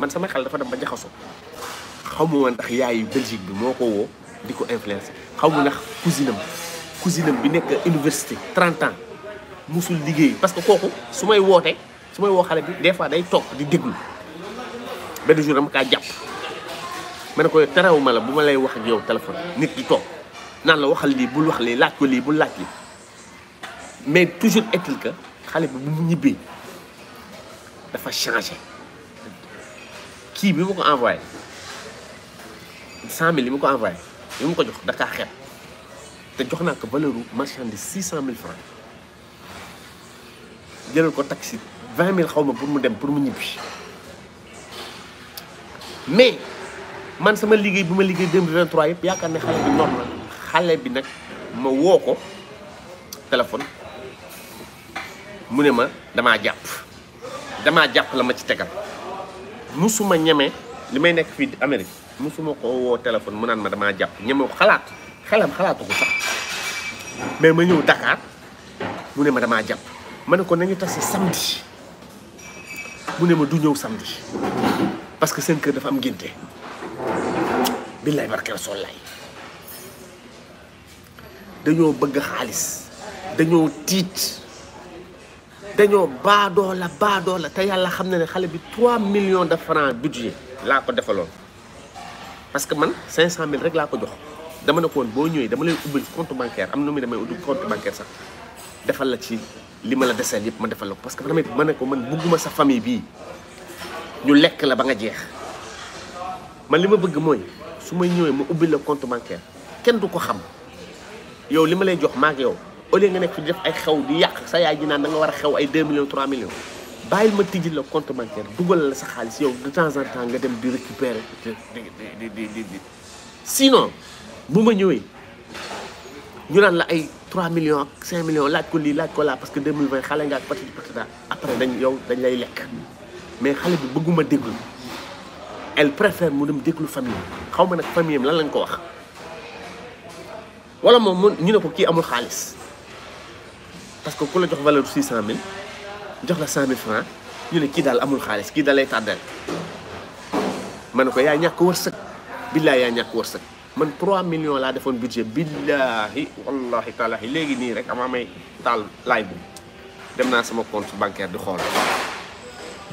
man sama xel dafa dem ba jaxaso xamu woon ndax yaayu Belgique bi moo ko woo di ko influencé xamu ndax cousinam cousinam bi nekk université 30 ans musul liggéey parce que kooku su may wootee su may woo xale bi des fois day toog di déglu benn jour dama kaa jàpp ma ne ko terewuma la bu ma lay wax ak yow téléphone nit di toog naan la waxal lii bul wax lii laaj ko lii bul laaj yi mais toujours est-il xale bi bu mu ñibbee dafa changé kii bi mu ko envoyé cent mille yi mu ko envoyé yu mu ko jox da kaa te jox naa ko valeur u marchandise six cent mille francs jëlal ko taxi vingt mille xaw ma pour mu dem pour mu ñibbi mais man sama liggéey bi ma liggéey 2023 yëpp yaakaar ne xale bi normal xale bi nag ma woo ko téléphone mu ne ma damaa jàpp damaa jàpp la ma ci tegal musuma ñeme limay nek fi fii amérique musuma ko wo téléphone mu nan ma dama japp ñeme ko xalaat xalam xalaatu ko sax mais ma ñëw dakar mu ne ma dama japp mané ko nañu tassi samedi mu ne ma du ñëw samedi parce que seen kër dafa am ngénte billahi barke rasul dañu bëgg xaalis dañu tiit dañoo baadoo la baadoo la te yàlla xam na ne xale bi 3 millions de francs budget laa ko defaloon parce que man 500000 rek laa ko jox dama ne ko woon boo ñëwee dama lay ubbil compte bancaire am na muy damay ubbi compte bancaire sax defal la ci li ma la deseel yëpp ma defal la ko parce que man ma ne ko man bugguma sa famille bii ñu lekk la ba nga jeex man li ma bëgg mooy su may ñëwee ma ubbil la compte bancaire kenn du ko xam yow li ma lay jox maag yow. au lieu nga nekk fi di def ay xew di yàq sa yaay ji naan da nga war a xew ay 2 millions 3 millions bàyyil ma tijji la compte bancaire dugal la sa xaalis yow de temps en temps nga dem di récupérer di di di di di sinon bu ma ñëwee ñu naan la ay 3 millions ak 5 millions laaj ko lii laaj ko laa parce que 2020 xale nga ak petit petit daal après dañ yow dañ lay lekk mais xale bi bëgguma déglu elle préfère mu dem déglu famille xaw ma nag famille am lan lañ ko wax wala moom ñu ne kii amul xaalis. parce que ku la jox valeur 600000 jox la 100000 francs ñu ne kii daal amul xaalis kii dalay tàddal ma ne ko yaa ñàkk wërsëg billaay yaa ñàkk wërsëg man 3 millions laa defoon budget billahi wallahi taalahi léegi nii rek ama may taal laay bi dem naa sama compte bancaire di xool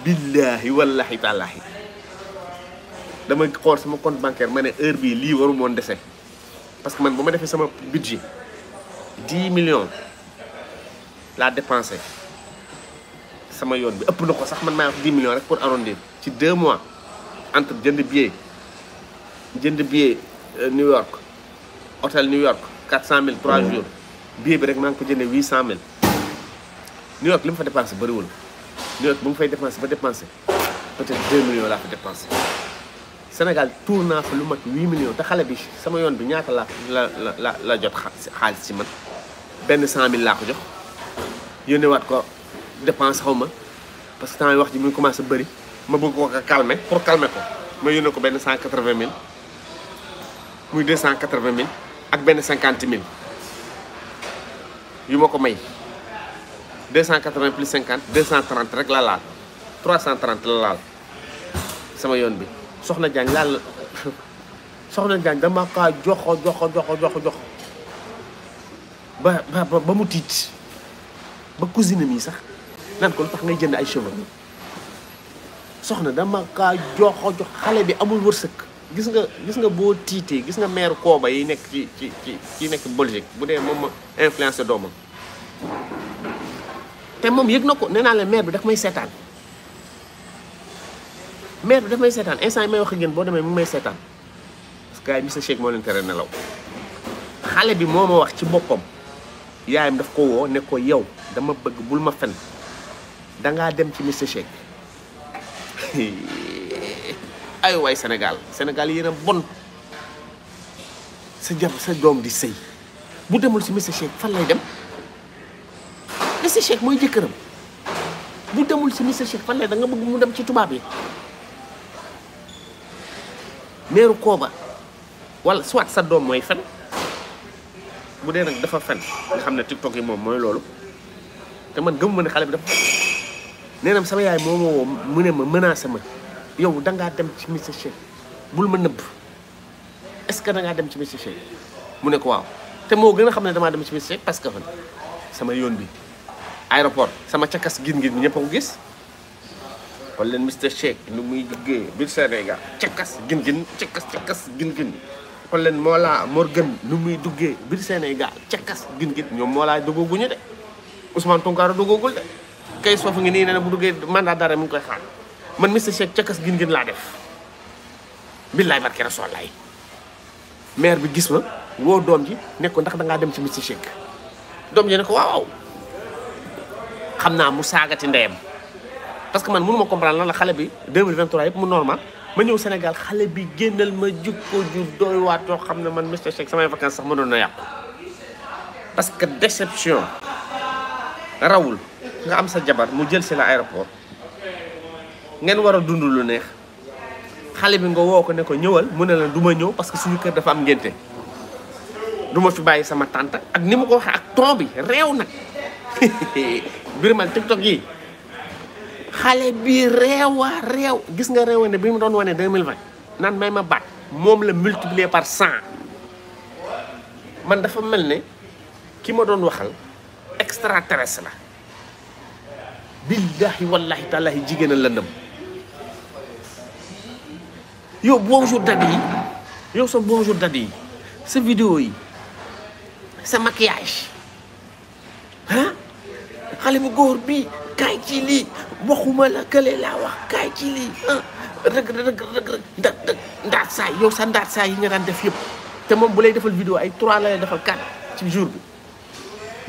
billahi wallahi taalahi dama xool sama compte bancaire ma ne heure bii lii waru moon dese parce que man bu ma defee sama budget 10 millions laa dépensé sama yoon bi ëpp na ko sax man maa wax 10 millions rek pour arrondir ci 2 mois entre jënd billet jënd billet euh, New York hôtel New York 400000 3 jours billet bi rek maa ngi ko jëndee 800000 New York li mu fa dépensé bëriwul New York bu mu fay dépensé ba dépensé peut-être 2 millions laa fa dépensé Sénégal tuur naa fa lu mat 8 millions te xale bi sama yoon bi ñaata laa la la la jot xaalis ci man benn 100000 laa ko jox. yone wat ko dépense xawma parce que temps wax ji mu commencé beuri ma bëgg ko calmer pour calmer ko ma yone ko ben 180000 muy 280000 ak ben 50000 yu mako may 280 cent quatre plus cinquante deux rek la laal 330 cent la laal sama yoon bi soxna jang laal soxna jang dama ka joxo joxo joxo joxo ba ba ba mu tiit ba cousine mi sax nan ko lu tax ngay jënd ay cheveux soxna dama kaa joxo jox xale bi amul wërsëg gis nga gis nga boo tiitee gis nga meeru kooba yi nekk ci ci ci ci nekk Belgique bu dee moom ma influencé te moom yëg na ko nee naa leen bi daf may seetaan maire bi daf may seetaan may wax ak boo demee mu may seetaan parce que gars yi monsieur Cheikh moo nelaw xale bi moo ma wax ci boppam yaayam daf ko woo ne ko yow dama bëgg bul ma fenn da nga dem ci Mister cheikh ay way senegal senegal yéen a bon sa jab sa doom di sey bu demul ci Mister cheikh fan lay dem Mister cheikh moy jëkëram bu demul ci Mister cheikh fan lay da nga bëgg mu dem ci tuba bi meru koba wala soit sa doom moy fenn bu dee nak dafa fenn nga xam tiktok yi mom moy lolou te man gëmuma ne xale bi dafa nee sama yaay moo ma mu ne ma menacé ma yow da ngaa dem ci monsieur Cheikh bul ma nëbb est-ce que da dem ci monsieur Cheikh mu ne ko waaw te moo gën a xam ne damaa dem ci monsieur Cheikh parce que fan sama yoon bi aéroport sama cakas gin gin bi ko gis wala leen Mister Shake nu muy duggee biir Sénégal cakas gin gin cakas cakas gin gin wala leen Mollah Morgun nu muy duggee biir Sénégal cakas gin gin ñoom Mollah duggaguñu de Ousmane Tounkara duggagul de kay foofu ngi ni nee na bu duggee mandat dara mu ngi koy xaar man Mister Shake ca kas gin gin la def billahi barke rasulallah maire bi gis ma wo dom ji ne ko ndax da nga dem ci Mister Shake dom ji ne ko waaw xamna mu sagati ndeyam parce que man mënu ma comprendre la xalé bi 2023 yépp mu normal ma ñew Sénégal xalé bi gënal ma jikko ju doy waatoo xam man Mister cheikh samay vacances sax mënoon na yàqu parce que déception rawul nga am sa jabar mu jël si la aéroport ngeen war a dund lu neex xale bi nga woo ko ne ko ñëwal mu ne la duma ñëw parce que suñu kër dafa am ngénte duma ma fi bàyyi sama tante ak ni ma ko waxee ak ton bi réew nag Birman TikTok yi xale bi réewa réew gis nga réewa ne bi mu doon wane 2020 naan may ma baat moom la multiplier par cent man dafa mel ne ki ma doon waxal extraterrestre la billahi wallahi tallahi jigéen a lëndëm yow bonjour dadi yi yow sa bonjour dadi yi sa vidéo yi sa maquillage ah xale bu góor bi kaay ci li waxuma la kële laa wax kaay ci lii ah rëg rëg rëg da ndaat saay yow sa ndaat saay yi nga daan def yëpp te moom bu lay defal vidéo ay trois la lay defal quatre ci jour bi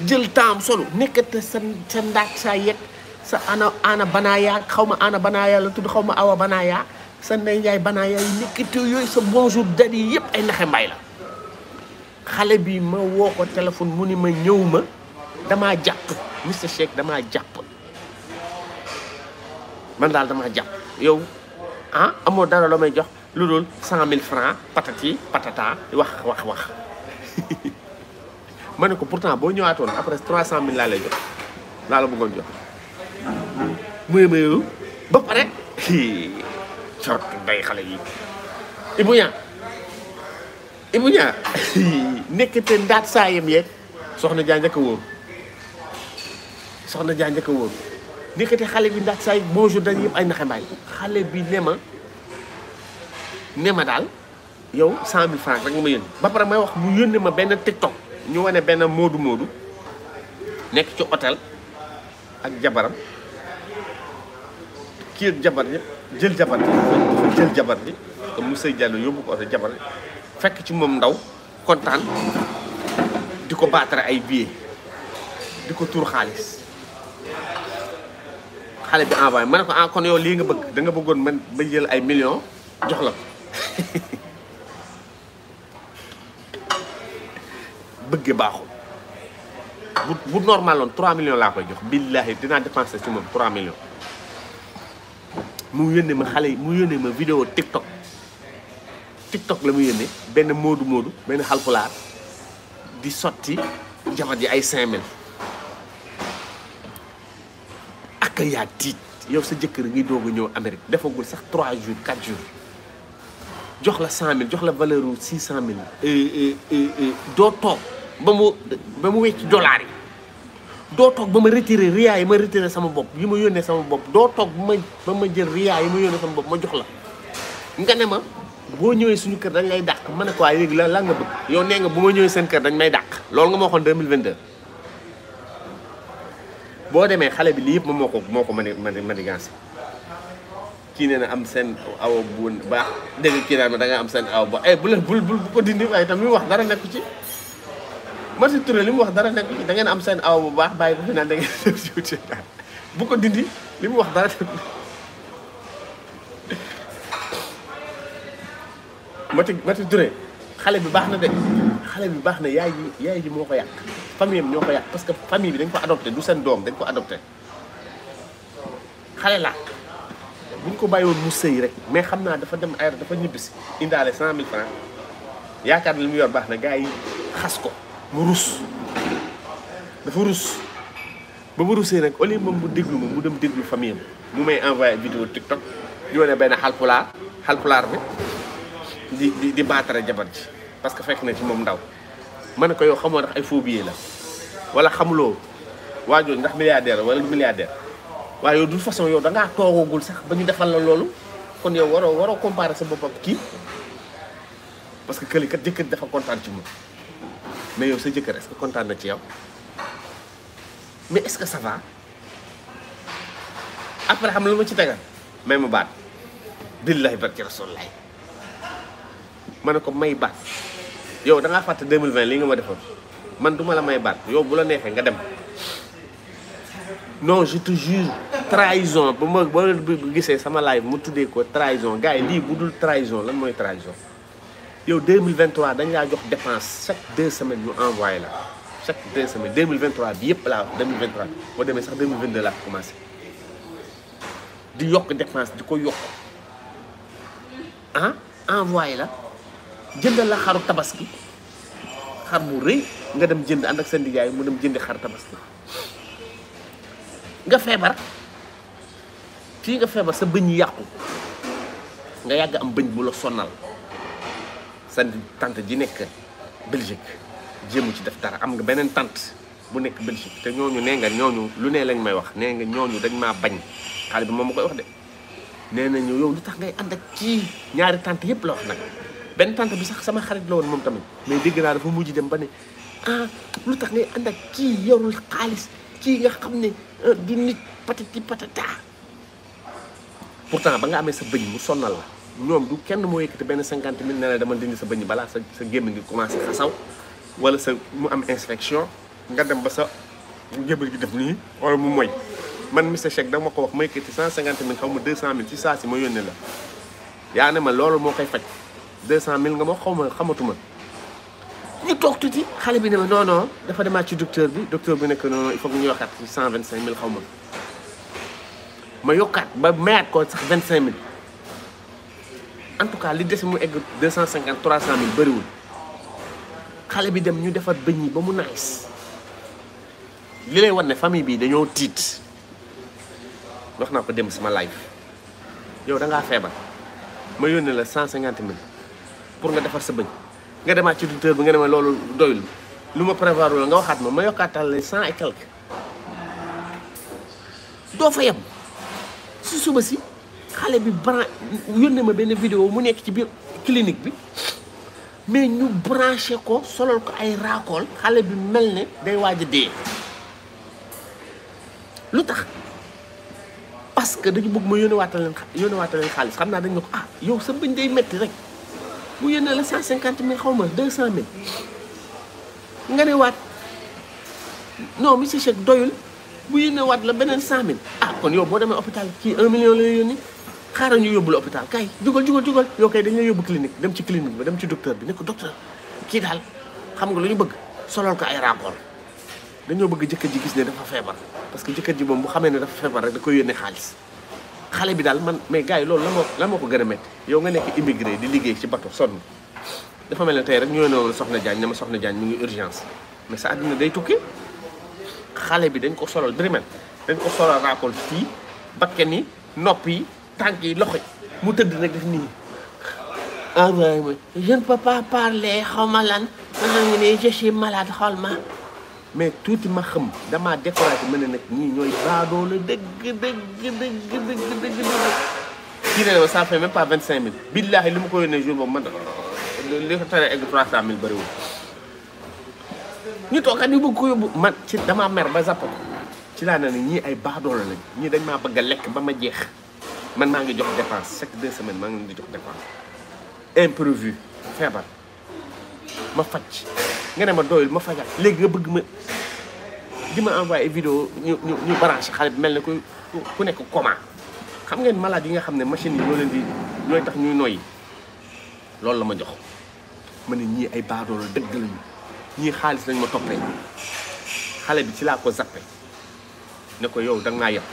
jël temps solo nekkate sa sa saa yegg sa ana ana banaaya xaw ma ana banaaya la tudd xaw ma awa banaaya sa ndey njaay banaaya yi nekkate yooyu sa bonjour dari yëpp ay naxe mbay la xale bi ma woo ko téléphone mu ni ma ñëw ma damaa jàpp Mister Shake dama jàpp man daal damaa jàpp yow ah amoo dara loo may jox lu dul cent mille francs patati patata wax wax wax ma ne ko pourtant boo ñëwaatoon après 300000 laa lay jox laa la bëggoon jox muy muy ba pare cot day xale yi Ibou Niang Ibou Niang nekkate ndaat saayam yeeg soxna jaa njëkk soxna jaa njëkk a wóor nekkate xale bi ndaat saay bonjour dañ yëpp ay naxambaay xale bi ne ma ne ma daal yow 100000 francs rek nga ma yónni ba pare may wax mu yónni ma benn TikTok ñu wane benn moodu moodu nekk ci hôtel ak jabaram kii ak jabar ji jël jabar ji dafa jël jabar ji te Moussa Diallo yóbbu ko oto jabar fekk ci moom ndaw kontaan di ko baatare ay billets di ko tuur xaalis xale bi envoyé ma ne ko ah yow lii nga bëgg danga bëggoon man ba jël ay million jox la ko bëgge baaxul bu bu normal loon 3 millions laa koy jox billahi dinaa dépensé ci moom 3 millions mu yónnee ma xale yi mu yónnee ma vidéo TikTok TikTok la mu yónnee benn moodu moodu benn xalpulaar di sotti jabar ji ay 5000 ak yaa tiit yow sa jëkkër ngi doog a ñëw Amérique defagul sax 3 jours 4 jours jox la 100000 jox la valeur wu 600000 euh, euh, euh, doo toog. bamu mu dollar yi doo toog bama ma retiré yi ma retirer sama bop yi ma yone sama bop do tok ba ma ba jël riyaa yi ma yone sama bop ma jox la nga ne ma bo ñëwee suñu kër dañ lay dakk mané ko ay la la nga bëgg yow né nga buma ma seen kër dañ may dakk lool nga mo xon 2022 bo démé xalé bi li yëpp moom moko ko mané mané mani manigancé kii nee na am seen aw bu baax dégg ki na ma da nga am seen aw ba ay bu eh, bul bul bu ko dindi waaye tammi wax dara nekk ci Martin Touré li mu wax dara nekk da ngeen am seen aw bu baax bàyyi ko fi naan da ngeen si wut bu ko dindi li mu wax dara Mati Mati Touré xale bi baax na de xale bi baax na yaay ji yaay ji moo ko yàq famille am ñoo ko yàq parce que famille bi dañ ko adopté du seen doom dañ ko adopté xale la buñ ko bàyyi woon mu sëy rek mais xam naa dafa dem air dafa ñibbisi indaale cent mille francs yaakaar na li mu yor baax na gaa yi xas ko burus, rus dafa rus ba mu rusee nag au lieu moom mu déglu ma mu dem déglu famille am mu may envoyé vidéo TikTok di wane benn xalpulaar xalpulaar bi di di di baatare jabar ji parce que fekk na ci moom ndaw ma ne ko yow xamoo ndax ay phobie la wala xamuloo waa ndax milliardaire wala milliardaire waaye yow du façon yow da ngaa toogagul sax ba ñu defal la loolu kon yow waroo waroo comparer sa bopp ak kii parce que kële kat jëkkër dafa kontaan ci moom. mais yow sa jëkkër est-ce que kontaan na ci yow mais est-ce que ça après xam lu ma ci tegal may ma baat billahi barki rasulullahi ma ne ko may baat yow da ngaa fàtte 2020 lii nga ma defoon man duma la may baat yow bu la neefee nga dem non je te jure trahison bu ma ba gisee sama laay mu tuddee ko trahison gars yi lii bu dul trahison lan mooy trahison yow 2023 dañ la jox dépense chaque deux semaines ñu envoyer la chaque deux semaines 2023 bi yépp la 2023 bo démé sax 2022 la commencé di yok dépense di ko yok ah envoyer la jënd la xaru tabaski xar bu reuy nga dem jënd and ak sa ndigaay mu dem jënd xar tabaski nga feebar fi nga feebar sa bëñ yaqku nga yag am bëñ bu la sonal sa tante ji nekk Belgique jéemu ci def am nga beneen tante bu nekk Belgique te ñooñu nee nga ñooñu lu ne lañ may wax nee nga ñooñu dañ maa bañ xale bi anda ma koy wax de nee nañu yow lu ngay ak ñaari tante yëpp la wax nag tante bi sax sama xarit la woon moom tamit mais dégg naa dafa mujj dem ba ah lu tax ngay ànd ak kii yorul xaalis kii nga xam ne euh, du nit patati patata pourtant ba nga amee sa bëñ mu sonnal la ñoom du kenn moo yëkkati benn cinquante mille ne la dama dindi sa bëñ balaa sa sa gémmiñ gi commencé xasaw wala sa mu am inspection nga dem ba sa gémmiñ bi def nii wala mu moy man mi Mister Shake dama ko wax ma yëkkati cent cinquante mille xaw ma deux cent mille ci saa si ma yónnee la yaa ne ma loolu moo koy faj deux cent mille nga ma xaw ma xamatuma ñu toog tuuti xale bi ne ma non non dafa demaat ci docteur bi docteur bi nekk non non il faut que cent vingt cinq mille xaw ma ma yokkaat ba mayaat ko sax vingt cinq mille en tout cas li dess mu egg 250 cent cinquante trois cent mille bi dem ñu defat bañ ni ba mu nice li lay wone famille bi dañoo tiit wax ko dem sama life? yow da nga feebar ma yone la cent cinquante pour nga defar sa bañ nga demaat ci docteur bi nga ne lolu doyul luma prévoir loolu nga waxat ma ma yokatal la cent et quelques do fa yam su suba si. xale bi bran yónnee ma benn vidéo mu nekk ci biir clinique bi mais ñu branché ko solol ko ay raakool xale bi mel ne day waaj a dee lu tax parce que dañu bëgg ma yónneewaatal leen yónneewaatal leen xaalis xam naa dañ ne ko ah yow sa bëñ day metti rek mu yónnee la cent cinquante mille xaw ma deux cent mille nga ne waat non monsieur Cheikh doyul bu yónnee waat la beneen cent mille ah kon yow boo demee hôpital kii un million la yónni xaaral ñu yobul hôpital kay jugal jugal jugal yo kay dañuy yóbbu clinique dem ci clinique ba dem ci docteur bi ne ko docteur ki dal xam nga luñu bëgg solol ko ay rapport dañu bëgg jëkke ji gis ne dafa feebar parce que jëkke ji mom bu xamé ne dafa feebar rek da koy yónnee xaliss xalé bi dal man mais gaay loolu la moo la moo ko gën yow nga nekk immigré di liggéey ci bato son dafa melni tay rek ñu yónnee soxna Diagne ne ma soxna Diagne mi ngi urgence mais sa àddina day tukki xalé bi dañ ko solol drimel dañ ko solol rapport ci bakkeni nopi je ne peux pas parler je suis malade ma mais tout ma xam pas ma ne euh, ne pas man maa ngi jox dépense chaque deux semaines maa ngi leen di jox dépense imprévu feebar ma faj nga ne ma doyul ma fajal léegi nga bëgg ma di ma envoyé ay vidéo ñu ñu ñu branché xale bi mel ne ku ku nekk comment xam ngeen malade yi nga xam ne machine yi ñoo leen di ñooy tax ñuy noyyi loolu la ma jox ma ne ñii ay baadoolo dëgg lañu ñii xaalis lañ ma toppee xale bi ci laa ko zappe ne ko yow da nga naa yàpp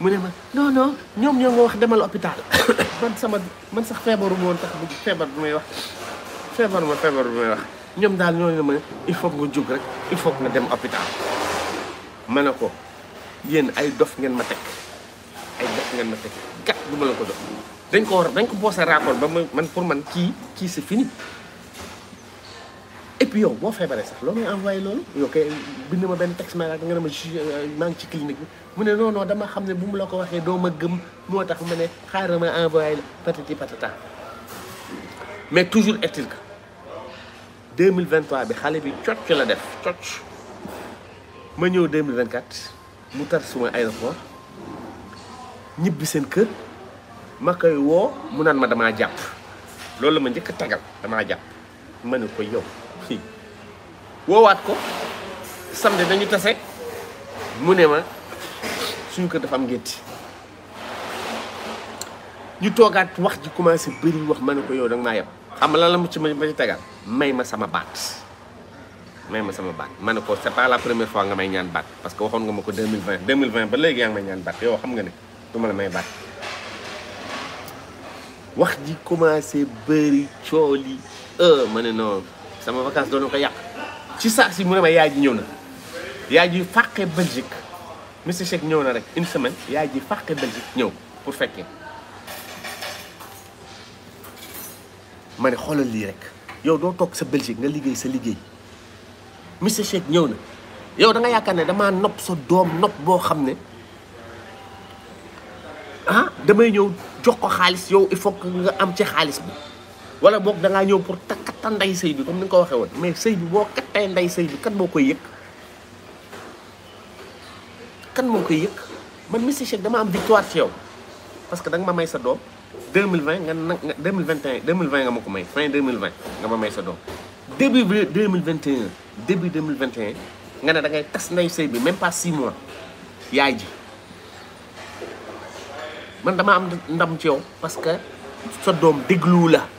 mu ne ma non non ñoom ñoo ma wax demal hôpital man sama man sax feebaru ma woon tax bu feebar bi may wax feebar ma feebar bi may wax ñoom daal ñoo ne ma il faut nga jóg rek il faut nga dem hôpital ma ne ko yéen ay dof ngeen ma teg ay dof ngeen ma teg gat du ma la ko dof dañ ko war dañ ko boose raakool ba man pour man kii kii c'est fini et puis yow boo feebaree sax loo may envoyé loolu yow kay bind ma benn texte ma nga ne ma euh, maa ngi ci clinique bi mu ne non non dama xam ne bu mu la ko waxee doo ma gëm moo tax ma ne xaaral ma envoyé la patati patata mais toujours est-il que 2023 bi xale bi cocc la def cocc ma ñëw 2024 mu tar suma aéroport ñibbi seen kër ma koy woo mu naan ma damaa jàpp loolu la ma njëkk a tagal damaa jàpp ma ne ko yow. woowaat ko samedi dañu tassé mu ma suñu kër dafa am gétti ñu togaat wax ji commencé bëri wax ma ko yow danga maa yab xam la la mu ci ma ci tegal may ma sama baat may ma sama baat ma ko c'est pas la première fois nga may ñaan baat parce que waxon nga mako 2020 2020 ba légui yaa may ñaan baat yow xam nga ne duma la may baat wax ji commencé bëri cool euh mané non sama vacances do ñu ko yak ci saa si mu ne ma yaay ji ñëw na yaay ji fàqe Belgique monsieur Cheikh ñëw na rek une semaine yaay ji fàqe Belgique ñëw pour fekkee ma ne xoolal lii rek yow doo toog sa Belgique nga liggéey sa liggéey monsieur Cheikh ñëw na yow da nga yaakaar ne dama nopp sa doom nopp boo xam ne ah damay ñëw jox ko xaalis yow il faut que nga am ci xaalis bi wala boog da ngaa ñëw pour kattan nday sëy bi comme ni nga ko waxee woon mais sëy bi boo kattee nday sëy bi kan moo koy yëg kan moo koy yëg man Mister Shake dama am victoire ci yow parce que da nga ma may sa doom 2020 nga 2021 2020 nga ma ko may fin 2020 nga ma may sa doom début 2021 début 2021 nga ne da ngay tas nday sëy bi même pas 6 mois yaay ji man dama am ndam ci yow parce que sa doom dégluwu la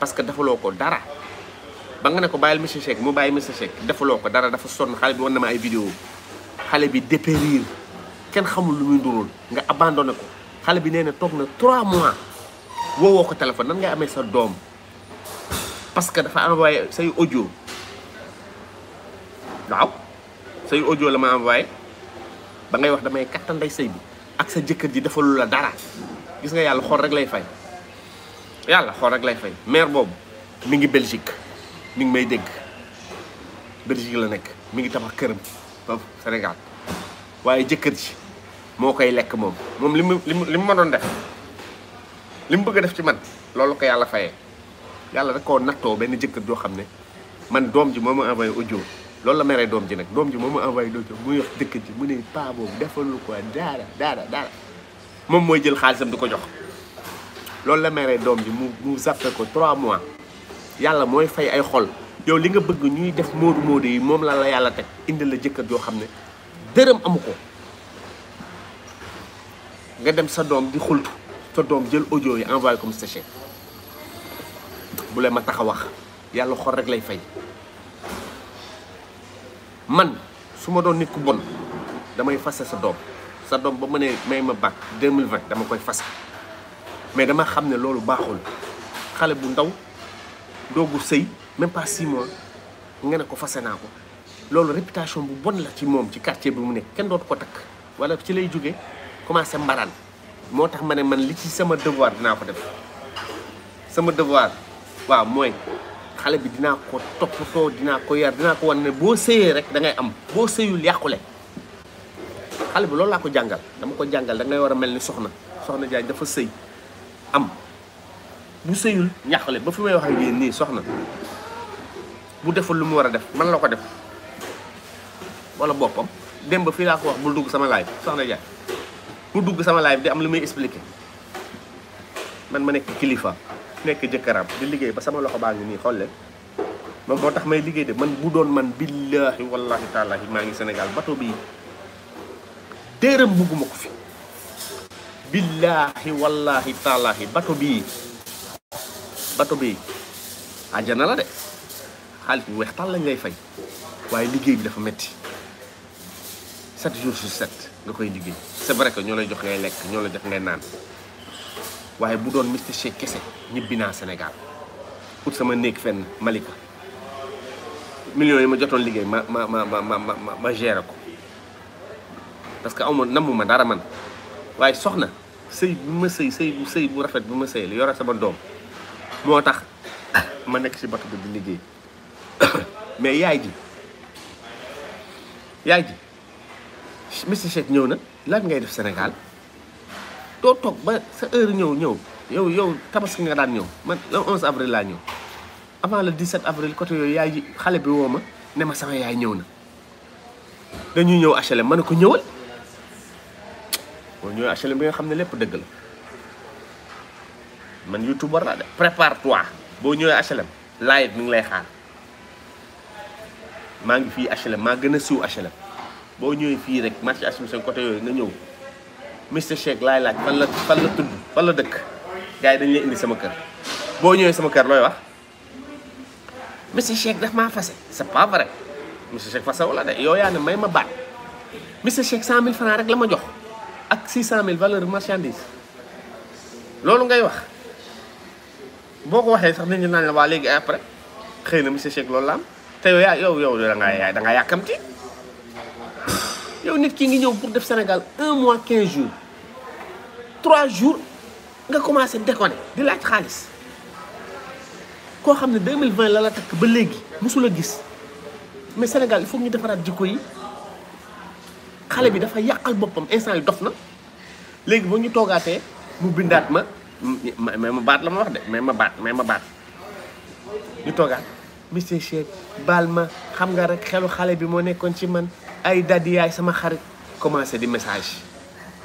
parce que defaloo ko dara ba nga ne ko bàyyil monsieur Cheikh mu bàyyi monsieur Cheikh defaloo ko dara dafa sonn xale bi wan na ma ay vidéo xale bi dépérir kenn xamul lu muy ndurool nga abandonné ko xale bi nee na toog na 3 mois woowoo ko téléphone nan ngay amee sa doom parce que dafa envoyé say audio waaw say audio la ma envoyé ba ngay wax damay kattan day sëy bi ak sa jëkkër ji defalu la dara gis nga yàlla xool rek lay fay. yàlla xool rek lay fay maire boobu mi ngi Belgique mi ngi may dégg Belgique la nekk mi ngi tabax këram foofu Sénégal waaye jëkkër ji moo koy lekk moom moom li mu li mu ma doon def li mu bëgg a def ci man loolu ko yàlla fayee yàlla da koo nattoo benn jëkkër joo xam ne man doom ji moo ma envoyé audio loolu la meree doom ji nag doom ji moo ma envoyé audio muy wax jëkkër ji mu ne paa boobu defalul ko daara daara daara moom mooy jël xaalisam di ko jox loolu la meree doom bi mu mu zappe ko trois mois yàlla mooy fay ay xol yow li nga bëgg ñuy def moodu moodu yi moom la la yàlla teg indi la jëkkër joo xam ne dërëm amu ko nga dem sa doom di xultu sa doom jël ojo yi envoyé comme sachet bu leen ma taxa wax yàlla xol rek lay fay man su ma doon nit ku bon damay fase sa doom sa doom ba mu ne may ma bac 2020 dama koy fase mais dama xam ne loolu baaxul xale bu ndaw doogu sëy même pas six nga ne ko fase naa ko loolu réputation bu bon la ci moom ci quartier bi mu ne kenn dootu ko takk wala ci lay jóge commencé mbaraan moo tax ma ne man li ci sama devoir dinaa ko def sama devoir waaw mooy xale bi dinaa ko toppatoo dinaa ko yar dinaa ko wan ne boo sëyee rek da ngay am boo sëyul yàqule xale bi loolu laa ko jàngal dama ko jàngal da war a mel ni soxna soxna jaay dafa sëy am bu seuyul ñàqale ba fi may wax ak yéen soxna bu deful lu mu wara def man la ko def wala bopam dem ba fi la ko wax bu dugg sama live soxna Jaay bu dugg sama live di am lu may expliquer man ma nek kilifa nek jeukaram di liggey ba sama loxo ba ngi ni xol le moom motax may liggey de man bu doon man billahi wallahi taala ma ngi senegal bato bi terem bugumako fi billahi wallahi taalahi bato bi bato bi aljana la de hal bu wax tal ngay fay waye liggéey bi dafa metti 7 jours sur 7 nga koy liggéey c'est vrai que ñolay jox ngay lek ñolay def ngay nan waye bu doon mr cheikh kesse ñibina senegal Sénégal pour sama néeg fenn Malika million yi ma jotone liggéey ma ma ma ma ma ma géré ko parce que aw ma dara man waaye soxna sëy bu ma sëy sëy bu sëy bu rafet bu ma sëy la yore sama doom moo tax ma nekk ci bato bi di liggéey mais yaay ji yaay ji Mister Shake ñëw na lan ngay def Sénégal doo toog ba sa heure ñëw ñëw yow yow tabaski nga daan ñëw man le 11 avril laa ñëw avant le 17 avril côté yooyu yaay ji xale bi woo ma ne ma sama yaay ñëw na dañuy ñëw HLM man ne ko ñëwal mooy ñooy HLM bi nga xam ne lépp dëgg la man youtubeur boo ñëwee HLM live mi ngi lay xaar maa ngi fii HLM maa gën a siiw HLM boo ñëwee fii rek marché HLM seen côté yooyu nga ñëw Mister Shake laay laaj fan la fan la tudd fan la dëkk gars yi dañu lay indi sama kër boo ñëwee sama kër looy wax Mister Shake daf maa fase c'est pas vrai Mister Shake fase wala de yow ne may ma baat Mister check cent mille francs rek la ma jox ak 600000 valeur marchandise loolu ngay wax boo ko waxee sax nit ñi naan la waa léegi après xëy na monsieur Cheikh loolu la am te yow yow yow da ngaa yaay da ngaa yàkkamti yow nit ki ngi ñëw pour def Sénégal un mois 15 jours 3 jours nga commencé déconné di laaj xaalis koo xam ne 2020 la la takk ba léegi musul a gis mais Sénégal il faut ñu defaraat jikko yi. xale bi dafa yàqal boppam instant yi dof na léegi boo ñu toogaatee mu bindaat ma mais ma baat la ma wax de mais ma baat mais ma baat ñu toogaat monsieur Cheikh baal ma xam nga rek xelu xale bi moo nekkoon ci man ay daddi yaay sama xarit commencé di message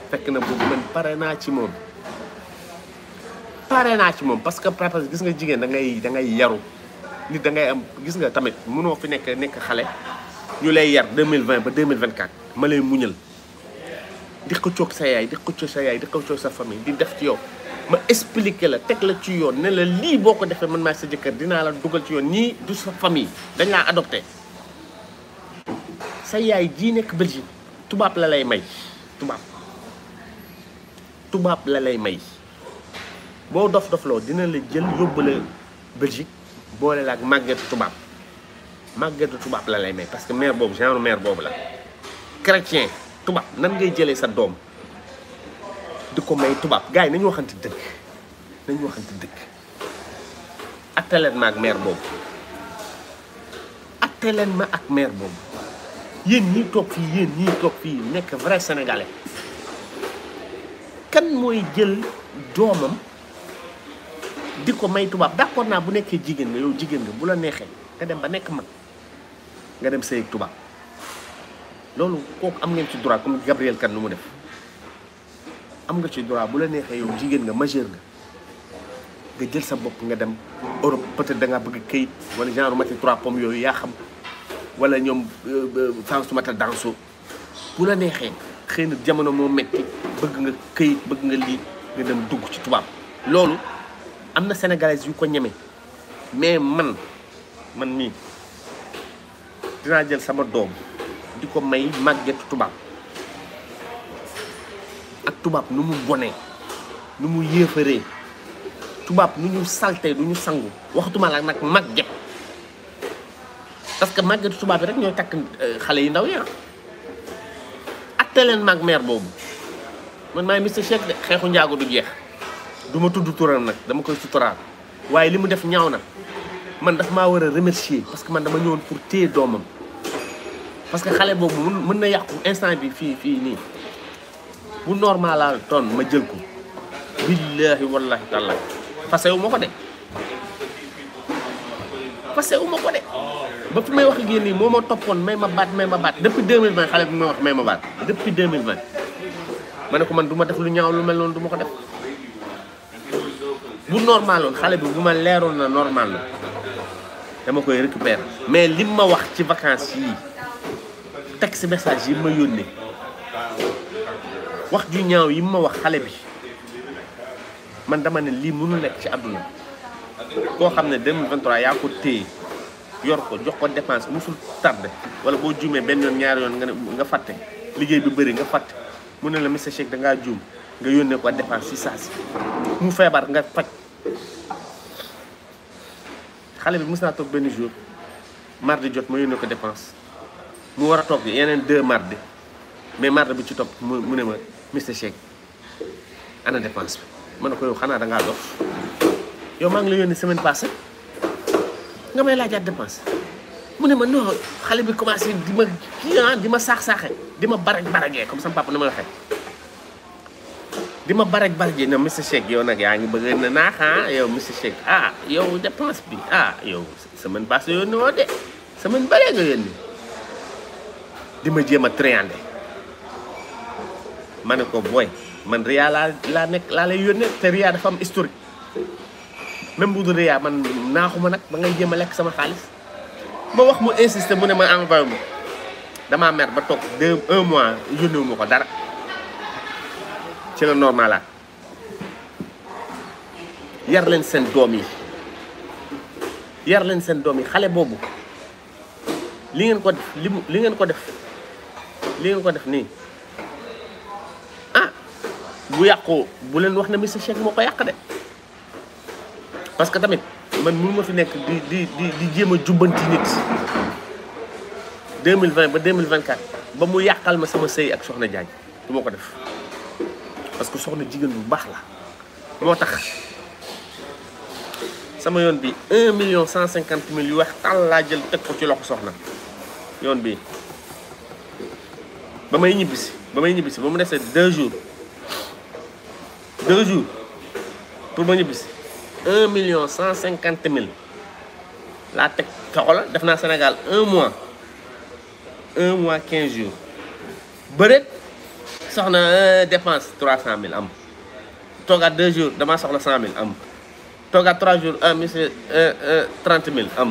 fekk na boobu man pare naa ci moom pare naa ci moom parce que papa gis nga jigéen da ngay da ngay yaru nit da ngay am gis nga tamit mënoo fi nekk nekk xale ñu lay yar 2020 ba 2024 ma lay muñal di ko coog sa yaay di ko sa yaay di ko sa famille di def ci yow ma expliqué la teg la ci yoon ne la lii boo ko defee man maa sa jëkkër dinaa la dugal ci yoon nii du sa famille dañ laa adopté sa yaay jii nekk Belgique tubaab la lay may tubaab tubaab la lay may boo dof dof dofloo dina la jël yóbbu la Belgique boole la ak màggetu tubaab màggetu tubaab la lay may parce que mère boobu genre mère boobu la chrétien tubaab nan ngay jëlee sa doom di ko may tubaab gars yi nañu waxante dëgg nañu waxante dëgg atte ma ak mère boobu atte ma ak mère boobu yéen ñii toog fii yéen ñii toog fii nekk vrai sénégalais kan mooy jël doomam di ko may tubaab d'accord naa bu nekkee jigéen nga yow jigéen nga bu la neexee nga dem ba nekk mag nga dem sëy ak tubaab loolu kooku am ngeen ci droit comme Gabriel kan lu mu def am nga ci droit bu la neexee yow jigéen nga majeur nga nga jël sa bopp nga dem Europe peut-être da ngaa bëgg kayit wala genre mati trois pommes yooyu yaa xam wala ñoom euh, euh, France mata danso bu la neexee xëy na jamono moo metti bëgg nga këyit bëgg nga lii nga dem dugg ci tubaab loolu am na sénégalais yu ko ñeme mais man man mii dina jël sama dom diko may màggetu tubab ak tubab nu mu numu nu mu yéefaree tubaab nu ñu saltee du ñu sangu waxtuma la nak màgget parce que màggetu tubab rek ñoy tak euh, xalé yi ndaw ah. ya? Atelen mag mer bobu man may Mister cheikh xexu xeexu du jeex duma tuddu tudd turam nag dama koy suturaal waye limu def ñaaw na man daf ma wara remercier parce que man dama ñewon pour téye domam parce que xalé bobu mën na yakku instant bi fi fi ni bu normal la ton ma jël ko billahi wallahi tallahi fase wu mako dé de fase wu mako dé ba fi may wax ak yéen nii topone may ma bat may ma bat depuis 2020 xalé bu may wax may ma bat depuis 2020 mané ko man duma def lu ñaaw lu mel non duma ko def bu normal lon xalé bi bu ma leeroon na normal la dama koy récupérer mais lim ma wax ci vacances yi teg si message yi ma yónnee wax ju ñaaw yi ma wax xalé bi man dama ne li mënu nek ci aduna ko xamne 2023 ya ko yor ko jox ko dépense musul tardé wala bo jume ben yon ñaar yon nga nga faté liggéey bi bëri nga faté mu ne la message yeeg da nga jum nga yónnee ko dépense ci mu febar nga fajj xalé bi musna tok ben jour mardi jot ma yónnee ko dépense mu wara a yenen deux mardi mais mardi bi ci top mu ne ma Mister Shake ana dépense man ko yow xana da nga dox yow maa ngi la yoni semaine passée nga may laajaat dépense mu ne ma no xale bi commencé di ma client ah, di ma sax saxé di ma baraj baragé comme sama papa ma di ma baraj baragé na Mister Shake yow nak yaa ngi bëgg na nax ha ah, yow Mister Shake ah yow dépense bi ah yow semaine passée yow no de semaine balé nga di ma jéem a triandé ma ne ko booy man Ria laa laa nekk laa lay yónnee te Ria dafa am historique même bu dul Ria man naaxuma nag ba ngay jéem lekk sama xaalis ma wax mu insiste mu ne ma envoyé mu dama mer ba toog de un mois yónnee ko dara ci la normalaat yar leen seen doom yi yar leen seen doom yi xale boobu li ngeen ko li li ngeen ko def. lii nga ko def nii ah bu yàqoo bu leen wax na Mister Shake moo ko yàq de parce que tamit man mënu ma fi nekk di di di di jéem a jubbanti nit 2020 ba 2024 ba mu yàqal ma sama sëy ak soxna Diagne du ma ko def parce que soxna jigéen bu baax la moo tax sama yoon bi un million cent cinquante mille yu wax tàll laa jël teg ko ci loxo soxna yoon bi ba may ñibbisi ba may ñibbisi ba mu desee deux jours jours pour ma ñibbisi un million cent cinquante mille laa teg te xoolal def naa Sénégal un mois un mois quinze jours bëreet soxna euh, dépense trois cent mille am toogaat deux jours damaa soxla cent mille am toogaat trois jours ah monsieur euh, euh, trente mille am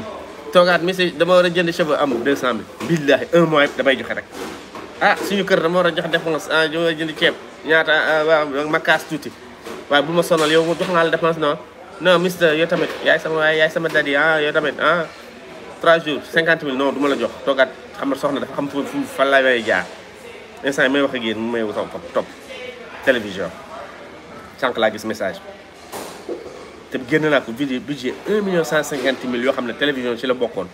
toogaat monsieur dama war a jënd cheveux am deux cent mille billaahi un mois yëpp damay joxe rek ah suñu kër dama war a jox dépense ah jo ñaata ah, ah, waaw tuuti waaye ma sonal yow jox naa la dépense non non mister yow tamit yaay sama waay yaay sama dadi ah yow tamit ah 3 jours 50 mille non du la jox toogaat xam na soxna dafa xam fu fan laa may jaar instant may wax ak yéen mu may topp topp télévision sànq laa gis message te génn naa ko budget budget 1 million 150 mille yoo xam ne télévision ci la bokkoon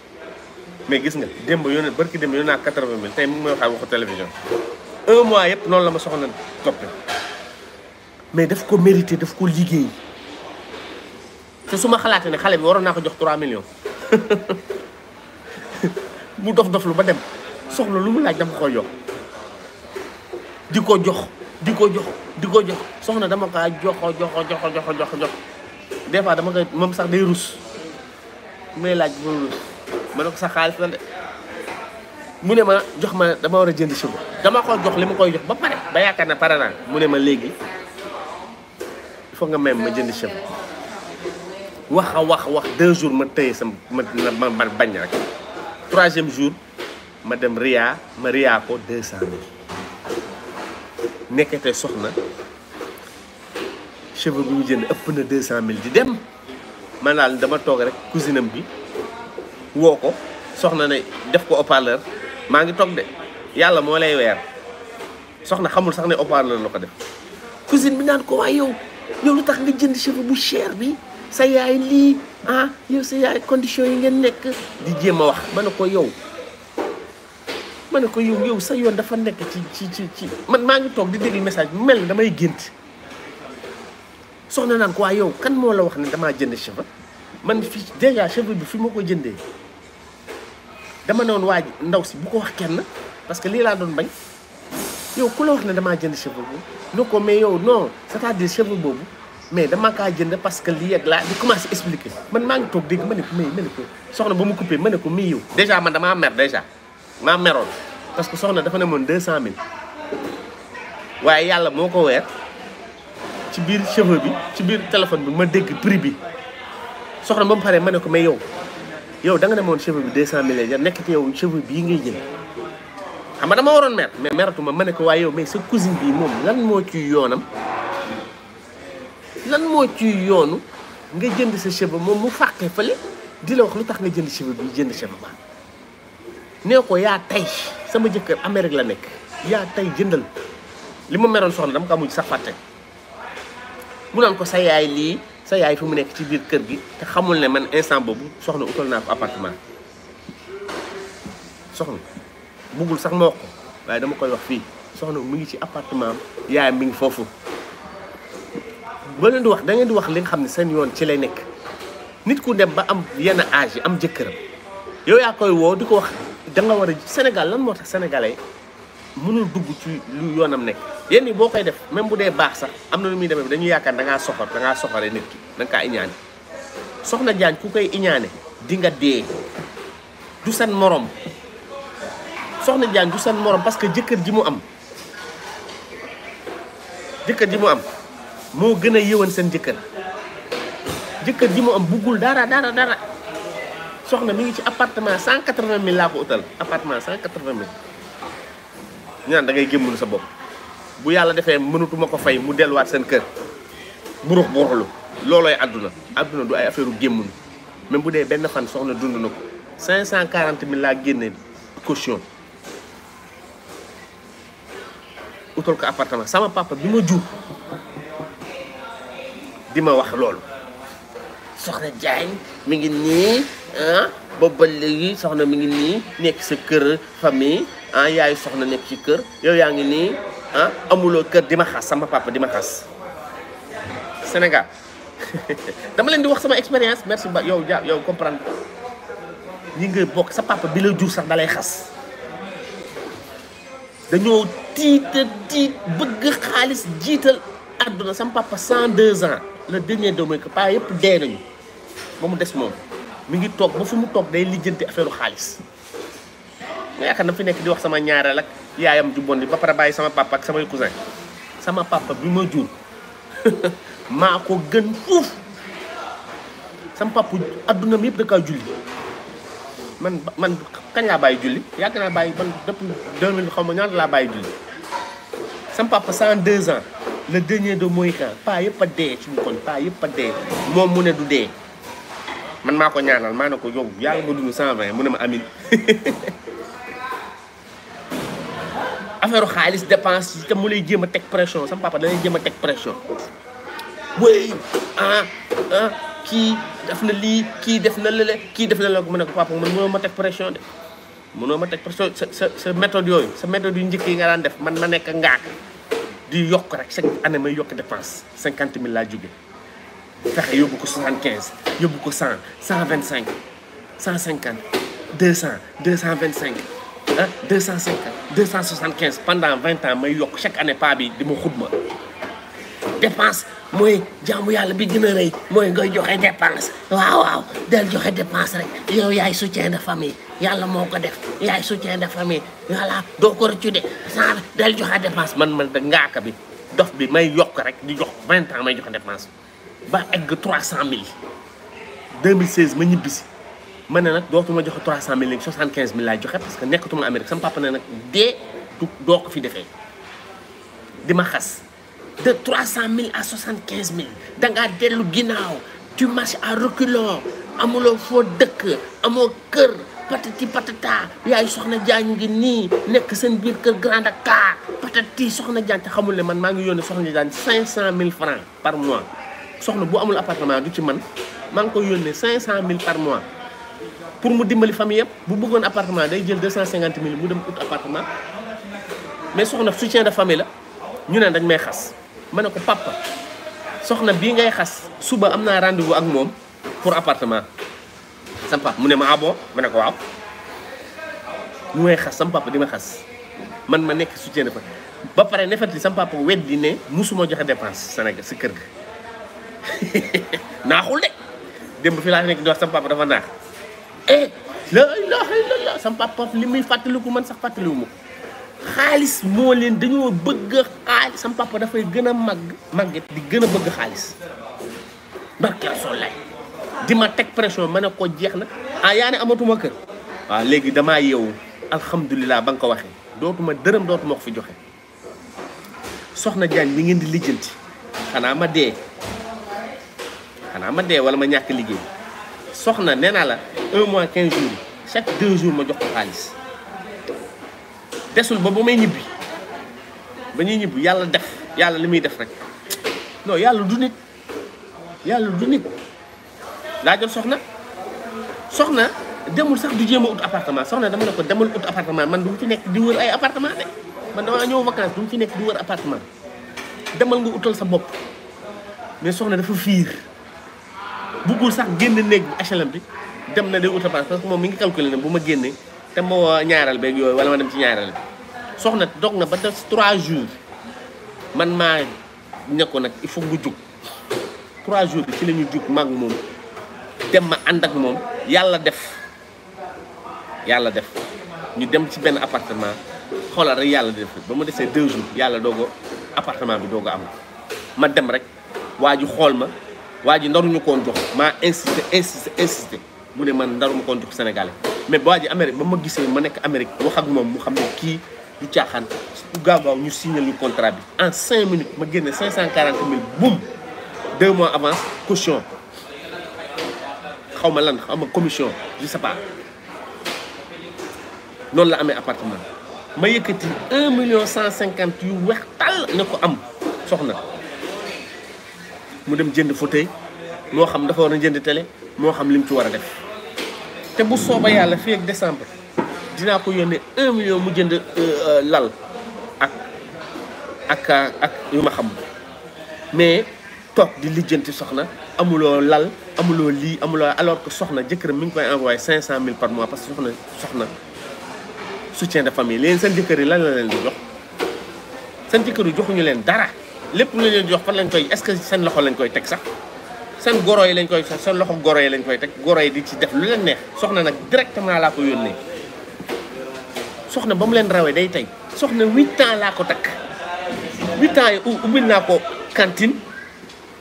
mais gis nga démb yónnee barki démb yónnee ak quatre vingt mille tey mu ngi may télévision un mois yëpp noonu la ma soxna toppe mais daf ko mérité daf ko liggéey te su xalaatee ne xale bi waroon naa ko jox 3 millions mu lu ba dem soxla lu mu laaj dama ko di ko jox di ko jox di ko jox soxna dama ko joxo joxo joxo joxo jox des fois dama koy moom sax day rus may laaj bu rus ma ne ko sa xaalis la de mu ne ma jox ma dama war a jënd suba dama ko jox li ma koy jox ba pare ba yaakaar ne pare naa mu ne ma léegi il faut nga ma jënd chef wax a wax wax deux jours ma tëye sama ma ma bañ rek troisième jour ma dem ria ma ria ko deux cent mille nekkete soxna cheveux bi mu jënd ëpp na deux cent mille di dem man daal dama toog rek cousinam bi woo ko soxna ne def ko haut maa ngi toog de yàlla moo lay weer soxna xamul sax ne haut-parleur la ko def cousine bi naan ko waaye yow yow lu tax nga jënd cheveux bu cher bi sa yaay lii ah yow sa yaay condition yi ngeen nekk di jéem a wax ma ne ko yow ma ne ko yow yow sa yoon dafa nekk ci ci ci ci man maa ngi toog di déglu message bu mel ni damay gént soxna naan ko waaye yow kan moo la wax ne damaa jënd cheveux man fii déjà cheveux bi fi ma ko jëndee dama ne woon waa ji ndaw si bu ko wax kenn parce que lii laa doon bañ yow ku la wax ne damaa jënd cheveux boobu ne ko mais yow non c'est-à-dire cheveux boobu mais damaa kaa jënd parce que lii ak laa commencé expliquer man maa ngi toog dégg ma ne ko may ma ko soxna ba mu coupé ma ne ko mii yow dèjà man damaa mer dèjà maa meroon parce que soxna dafa ne moon deux cent mille waaye yàlla moo ko weer ci biir cheveux bi ci biir téléphone bi ma dégg prix bi soxna ba mu paree ma ne ko mais yow yow da nga demoon cheveux bi 200 millions nekk nekkati yow cheveux bii ngay jël xam nga dama waroon mer mais meratuma ma ne ko waaye yow mais sa cousine bii moom lan moo ci yoonam lan moo ci yoonu nga jënd sa cheveux moom mu fàqee fële di la lu tax nga jënd cheveux bi jënd cheveux ba ko yaa tey sama jëkkër Amérique la nekk yaa tey jëndal li ma meroon soxna dama ko amuj sax fàtte mu naan ko sa yaay lii sa yaay fi mu nekk ci biir kër gi te xamul ne man instant boobu soxna utal naa ko appartement soxna buggul sax ma wax ko waaye dama koy wax fii soxna mu ngi ci appartement yaay mi ngi foofu ba leen di wax dangeen ngeen di wax li nga xam ne seen yoon ci lay nekk nit ku dem ba am yenn âge yi am jëkkëram yow yaa koy woo di ko wax da nga war a Sénégal lan moo tax sénégalais mënul dugg ci lu yoonam nekk yen ni bokay def même bu dee baax sax amna lu mi muy dañu dañuy da nga soxor da nga soxoré nit ki da nga iñane soxna jaañ ku koy iñane di nga dé du san morom soxna jaañ du san morom parce que jimu ji mu am jeker ji mu am mo gëna yewon sen seen jëkkër ji mu am bugul dara dara dara soxna mi ngi ci appartement 180000 la ko utal appartement 180000 ñaan da ngay sa bokk bu yalla defé mënatuma ko fay mu wat sen kër buruk buruxlu loloy aduna aduna du ay affaireu gemmu même bu dé ben fan soxna dund nako 540000 la génné caution outol ko appartement sama papa bima djou dima di wax loolu soxna jaay mi ngi ni ah boobu ba léegi soxna mi ngi ni nek sa kër famille ah yaay soxna nek ci kër yow yaangi ni amulo amuloo kër di sama papa di ma xas Sénégal dama leen di wax sama experience merci ba yow ja yow comprendre ñi nga bokk sa papa bi la jur sax dalay khas dañu tite tiit bëgg xaalis jital aduna sama papa 102 ans le dernier doom que pa yëpp dé nañu momu dess mom mi ngi tok bu fu mu tok day lijeenti affaireu xaalis nga na fi nek di wax sama ñaareel ak yaayam ju bon bi ba pare bàyyi sama papa ak samay cousin sama papa bi ma jur maa ko gën fuuf sama papa adduna mi yëpp da kaa julli man man kañ laa bàyyi julli yàgg naa xaw ma ñaata laa bàyyi julli sama papa 102 ans le dernier de Moïka paa yëpp a dee ci mu kon paa yëpp a dee moom mu ne du dee man maa ko ñaanal maa ne ko yow yàlla nga dund 120 mu ne ma amin affaire xaalis dépense yi te mu lay jéem a pression sama papa da lay jéem tek pression way ah ah ki def na li ki def na lele ki def na la ko ne ko papa man ma tek pression de mënoo ma tek pression sa sa méthode yoy sa méthode yu njëkk yi nga daan def man na nek nga di yok rek chaque année may yok dépense 50000 la laa jóge fexe ko 75 quinze ko 100 125 150 200 225 275, 250 275 pendant 20 ans may yokk chaque année paa bi di ma xutba dépense mooy jaamu yàlla bi gën a rëy mooy ngay joxe dépense waaw waaw del joxe dépense rek yow yaay soutien de famille Yalla moko def yaay soutien de famille yalla do ko rëccu de sans del joxe dépense man man da ngaaka bi dof bi may yok rek di jox 20 ans may joxe dépense ba egg 300000 2016 ma ñibbisi ma nak dootuma joxe 300000 léegi 75000 la joxe parce que nekatuma Amérique sama papa nak dé dok fi défé dima xass xas de 300000 à 75000 da nga délu ginaaw tu marches à reculons amulo fo dëkk amo keur patati patata yaay soxna jaañ ngi ni nek seen biir keur Grand Dakar patati soxna jaañ te xamul le man ma ngi yone soxna jaañ 500000 francs par mois soxna bu amul appartement du ci man maa ko yone yónnee 500000 par mois pour mu dimbali famille yëpp bu bëggoon appartement day jël deux cent mu dem ut appartement mais soxna soutien de famille la ñu ne dañ may xas mané ko papa soxna bi ngay xas suba amna rendez-vous ak mom pour appartement sam papa mu ne ma abo ah mané ne ko waaw ñu may xas sam papa dima ma xas man ma nek soutien de famille ba pare nefati sam papa weddi ne musuma joxe dépense Sénégal ci kër ga xul de dem fi la nek do sam papa dafa nax eh la ilaha illallah sam papa limuy fatelu ko man sax fatelu ma khalis mo len dañu bëgg khalis sam papa da fay gëna mag magget di gëna a bëgg xaalis barke Rasulaay di ma tek pression mané ko jeex na ah yaani ne amatuma keur wa ah, léegi dama yew alhamdullilah bang ko waxe dotuma deureum dotuma ko fi joxe soxna jagn mi ngeen di lijeenti xana ma dee xana ma dee wala ma ñak liggéey soxna nee la 1 mois 15 jours chaque 2 jours ma jox ko xaalis dessul ba ba may ñibbi ba ñi ñibbu yalla def yalla limuy def rek non yalla du nit yalla du nit daa jël soxna soxna demul sax du jema ut appartement soxna dama la ko demul ut appartement man du ci nek di wër ay appartement de man dama ñëw vacances du ci nek di wër appartement demal nga utal sa bop mais soxna dafa fiir buggul sax génn néeg bi HLM bi dem na day ut parce que moom mi ngi calculé ne bu ma génnee te ma ñaareel beeg yooyu wala ma dem ci ñaareel bi soxna dog na ba def trois jours man maa ne nag il faut nga jug trois jours bi ci la ñu jug mag moom dem ma ànd ak moom yàlla def yàlla def ñu dem ci benn appartement xoolal rek yàlla def ba mu desee deux jours yàlla doo ko appartement bi doogo am ma dem rek waa ji xool ma Wadi ji ndaruñu ko jox ma insisté insisté insisté Je man ndaruma sénégalais mais je Amérique Je ma Amérique wax ak mom mu xam du ñu contrat en 5 minutes ma génne 540 000. boum deux mois avant, caution xaw ma commission je sais pas Non la amé appartement ma yëkëti un million yu wax ko am mu dem jënd fauteuil moo xam dafa war a jënd télé moo xam lim ci war a def te bu sooba yàlla fii ak décembre dinaa ko yónnee un million mu jënd euh, lal ak ak ak yu ma xam mais toog di lijjanti soxna amuloo lal amuloo lii amuloo alors que soxna jëkkëram mi ngi koy envoyé cinq cent mille par mois parce que soxna soxna soutien de famille leen seen jëkkër yi lan la leen di jox seen jëkkër yi joxuñu leen dara lépp lu leen jox fan lañ koy est-ce que seen loxo lañ koy teg sax seen goro yi lañ koy seen loxo goro yi lañ koy teg goro yi di ci def lu leen neex soxna nag directement laa ko yónnee soxna ba mu leen rawee day tey soxna huit ans laa ko takk huit ans yi ubbil naa ko cantine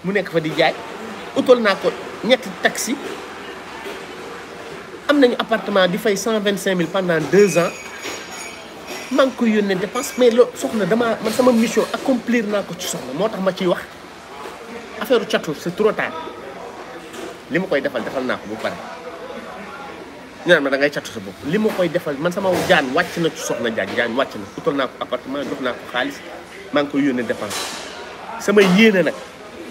mu nekk fa di jaay utal naa ko ñetti taxi am nañu appartement di fay cent vingt cinq mille pendant deux ans maa koy yónnee dépense mais loo soxna dama man sama mission accomplir naa ko ci soxna moo tax ma ciy wax affaire catu c'est trop tard li ma koy defal defal naa ko bu pare. ñu naan ma da ngay catu bopp li ma koy defal man sama jaan wàcc na ci soxna jaan jaan wàcc na utal naa ko appartement jox naa ko xaalis maa ngi koy yónnee dépense sama yéene nag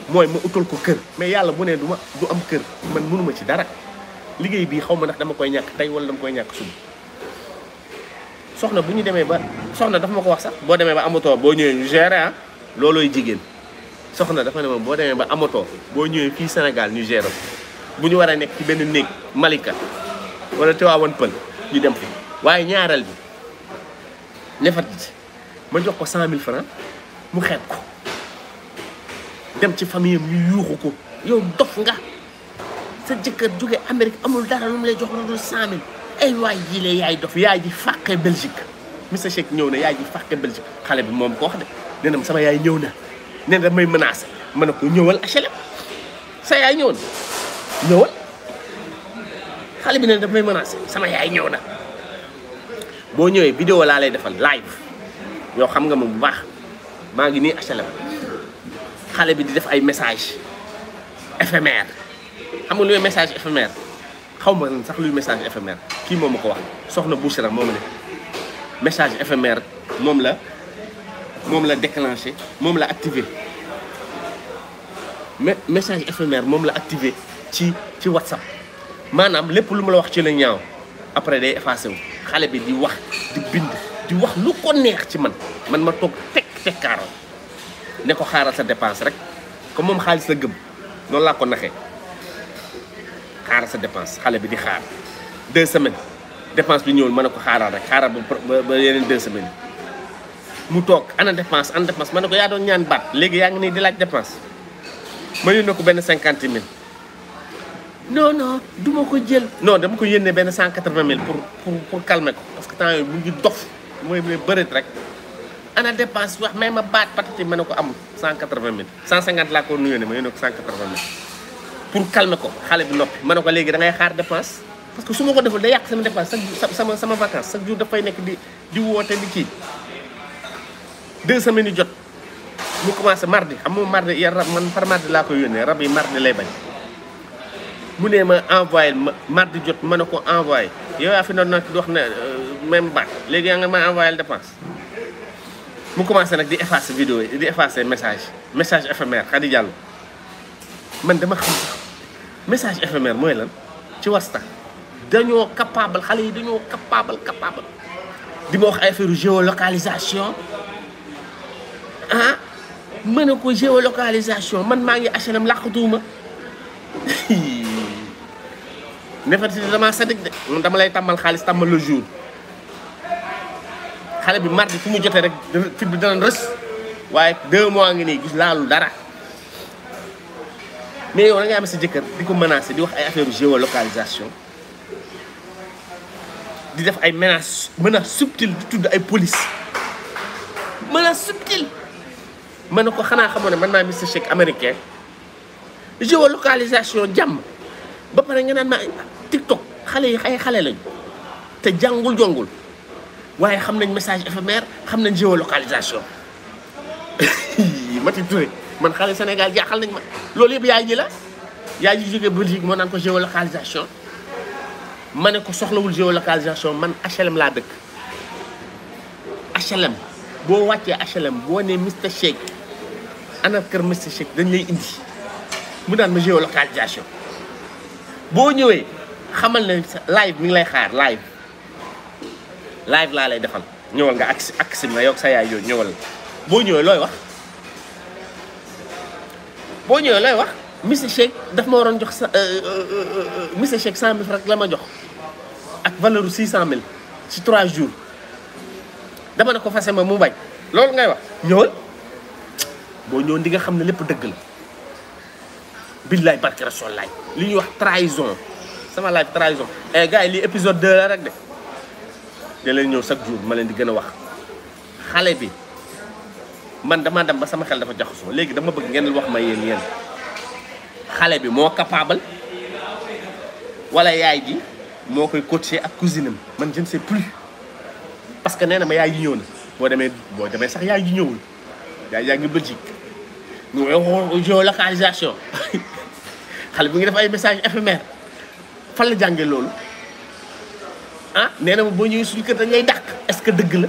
mooy ma utal ko kër mais yàlla bu nee du ma du am kër man mënuma ci dara liggéey bii xaw ma ndax dama koy ñàkk tey wala dama koy ñàkk suba. soxna bu ñu demee ba soxna dafa ma ko wax sax boo demee ba amotoo boo ñëwee ñu ah loolooy jigéen soxna dafa ne ma boo demee ba amatoo boo ñëwee fii Sénégal ñu gérer bu ñu war a nekk ci benn néeg Malika wala Tiwaawan Pël ñu dem fi waaye ñaareel bi lefat ji ma jox ko cent mille mu xeeb ko dem ci famille am ñu yuuxu ko yow dof nga sa jëkkër jóge Amérique amul dara lu mu jox lu dul cent ay waay jii la yaay dof yaay ji fàqe Belgique monsieur Cheikh ñëw na yaay ji fàqe Belgique xale bi moom ko wax de nee na sama yaay ñëw na nee na may menacé ma ne ko ñëwal HLM sa yaay ñëw na ñëwal xale bi nee na daf may menacé sama yaay ñëw na boo ñëwee vidéo laa lay defal live yow xam nga ma bu baax maa ngi nii HLM xale bi di def ay message éphémère xam nga lu message éphémère xaw ma sax luy message éphémère kii moom ma ko wax soxna Bouchra moom la message éphémère moom la moom la déclenché moom la activé mais message éphémère moom la activé ci ci WhatsApp maanaam lépp lu ma la wax ci la ñaaw après day effacé wu xale bi di wax di bind di wax lu ko neex ci man man ma toog teg tekkaaral ne ko xaaral sa dépense rek comme moom xaalis la gëm noonu laa ko naxee. xaar sa dépense xalé bi di xaar deux semaines dépense bi ñewul manako a xaaral rek xaaral ba ba yeneen deux semaines mu tok ana dépense ana dépense manako ya ko doon ñaan baat légui ya nga ni di laaj dépense ma ñu nako ben 50000 non non duma ko jël non dama ko yenné ben 180000 pour pour pour calmer ko parce que temps yooyu mu ngi dof moy moy beureut rek ana dépense wax may ma baat patati manako am 180000 150 la ko nuyoo ne ma ñu nako 180000 pour calmer ko xalé bi nopi mané ko légui da ngay xaar dépense parce que su ko deful da yak sama dépense sama sama vacances chaque jour fay nek di di woté di ki deux semaines jot mu commencé mardi xam mo mardi yar rab man par mardi la koy yone rab mardi lay bañ mu ma envoyer mardi jot mané ko envoyer yow yaa fi doon nag di wax ne euh, même bac légui nga ma envoyer dépense mu commencé nak di effacer vidéo di effacer message message éphémère khadi Diallo man dama xam message éphémère mooy lan ci wasta dañoo capable xale yi dañoo capable capable di ma wax ay affaire localisation ah mën na ko géolocalisation man maa ngi HLM làqatuuma nefertiti damaa sadik de man dama lay tàmmal xaalis tàmmal le xale bi mardi fi mu jotee rek fit bi dana rës waaye deux mois ngi nii gis laalu dara mais on a ngay am sa menace menacer di wax ay affaire géolocalisation di def ay menaces menaces subtiles police menace subtile Je ne ko xanaa xamoon ne man américain géolocalisation jam ba par nga TikTok xale ay jongul xam message éphémère xam une géolocalisation suis Touré man xale Sénégal xal nañ ma loolu yëpp yaay ji la yaay ji jógee Belgique moo naan ko géolocalisation ma ne ko soxlawul géolocalisation man HLM laa dëkk HLM boo wàccee HLM boo nee Mister Shake ana kër Mister Shake dañ lay indi mu naan ma géolocalisation boo ñëwee xamal ne live mi ngi lay xaar live live laa lay defal ñëwal nga ak si ak si ma yow sa yaay yooyu ñëwal boo ñëwee looy wax. boo ñëwee lay wax Mister Shake daf ma waroon jox sa euh, euh, euh, Mister Shake cent mille la ma jox ak valeur bu six cent mille ci trois jours dama ne ko fase ma mu bañ loolu ngay wax ñëwal boo ñëw di nga xam ne lépp dëgg la billaay barke rasul laay li ñuy wax trahison sama laaj trahison eh gars yi lii épisode 2 la rek de da leen ñëw chaque jour ma leen di gën a wax xale bi man dama dem ba sama xel dafa jaxasoo legui dama bëgg ngeen wax ma yeen yeen xalé bi mo capable wala yaay ji mo koy coacher ak cousine man je ne sais plus parce que nee ma yaay ji ñëw na bo démé bo démé sax yaay ji ñëwul yaay yaa ngi Belgique ñu jo géolocalisation xalé bi ngi def ay message éphémère fa la jàngee lool ah nee bo ma boo suñu kër dañ lay dakk est-ce que deug la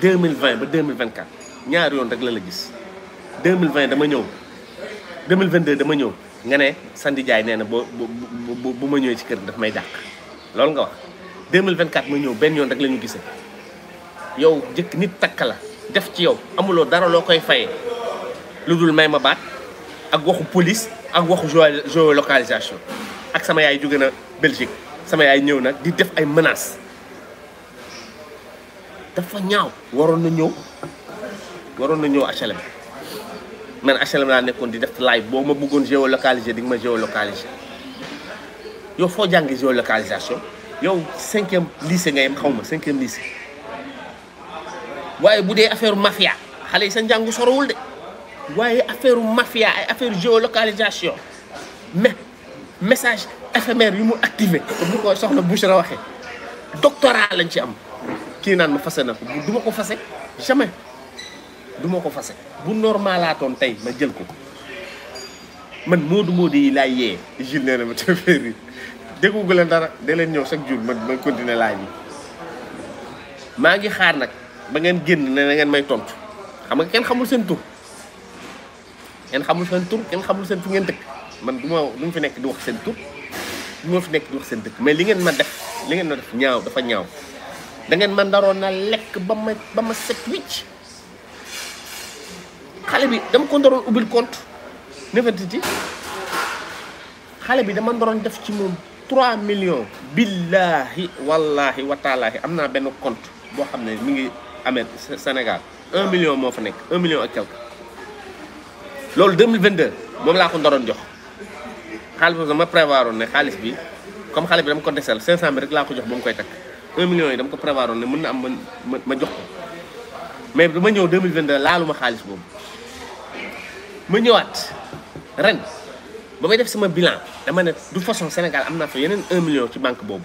2020 ba 2024 ñaari yoon rek la la gis 2020 dama ñëw 2022 dama ñëw nga ne sandijaay Diaye nee na boo bu bu ma ñëwee ci kër daf may dàq loolu nga wax 2024 ma ñëw benn yoon rek lañu gisa yow jëkk nit takk la def ci yow amuloo dara loo koy fayee lu dul may ma baat ak waxu police ak waxu géolocalisation ak sama yaay jóge na Belgique sama yaay ñëw nag di def ay menaces. dafa ñaaw waroon na ñëw waroon na ñëw HLM man HLM laa nekkoon di def live boo ma bëggoon géolocaliser di nga ma géolocaliser yow foo jàngi géolocalisation yow cinquième lycée nga yem xaw ma cinquième lycée waaye bu dee affaire mafia xale yi sa njàngu sorowul de waaye affaire mafia ay affaire géolocalisation mais message éphémère yu mu activé bu ko soxla Bouchra waxee doctorat lañ ci am kii naan ma fase na ko du ma ko fase jamais duma ko fase bu normalaatoon tey ma jël ko man moodu moodu yi laay yee Jules nee na ma te féeri déggugu leen dara de leen ñëw chaque jur man ma continuer laaj maa ngi xaar nag ba ngeen génn ne na ngeen may tontu xam nga kenn xamul seen tur kenn xamul seen tur kenn xamul seen fu ngeen dëkk man du ma du fi nekk di wax seen tur du fi nekk di wax seen dëkk mais li ngeen ma def li ngeen ma def ñaaw dafa ñaaw da ngeen ma ndaroon na lekk ba ma ba ma set wicc xale bi dama ko ndaroon ubbil compte nefatiti xale bi dama ndaroon def ci moom 3 millions billahi wallahi wa taalaahi am na benn compte boo xam ne mu ngi amee Sénégal 1 million moo fa nekk 1 million ak quelque loolu 2022 moom laa ko ndaroon jox xaalis boobu dama prévoir woon ne xaalis bi comme xale bi dama ko desal 500 koy takk un million yi dama ko prévoir ne mën na am ma ma jox ko mais dama ñëw laalu ma xaalis boobu ma ñëwaat ren ba may def sama bilan dama ne du façon Sénégal am naa fa yeneen un million ci banque boobu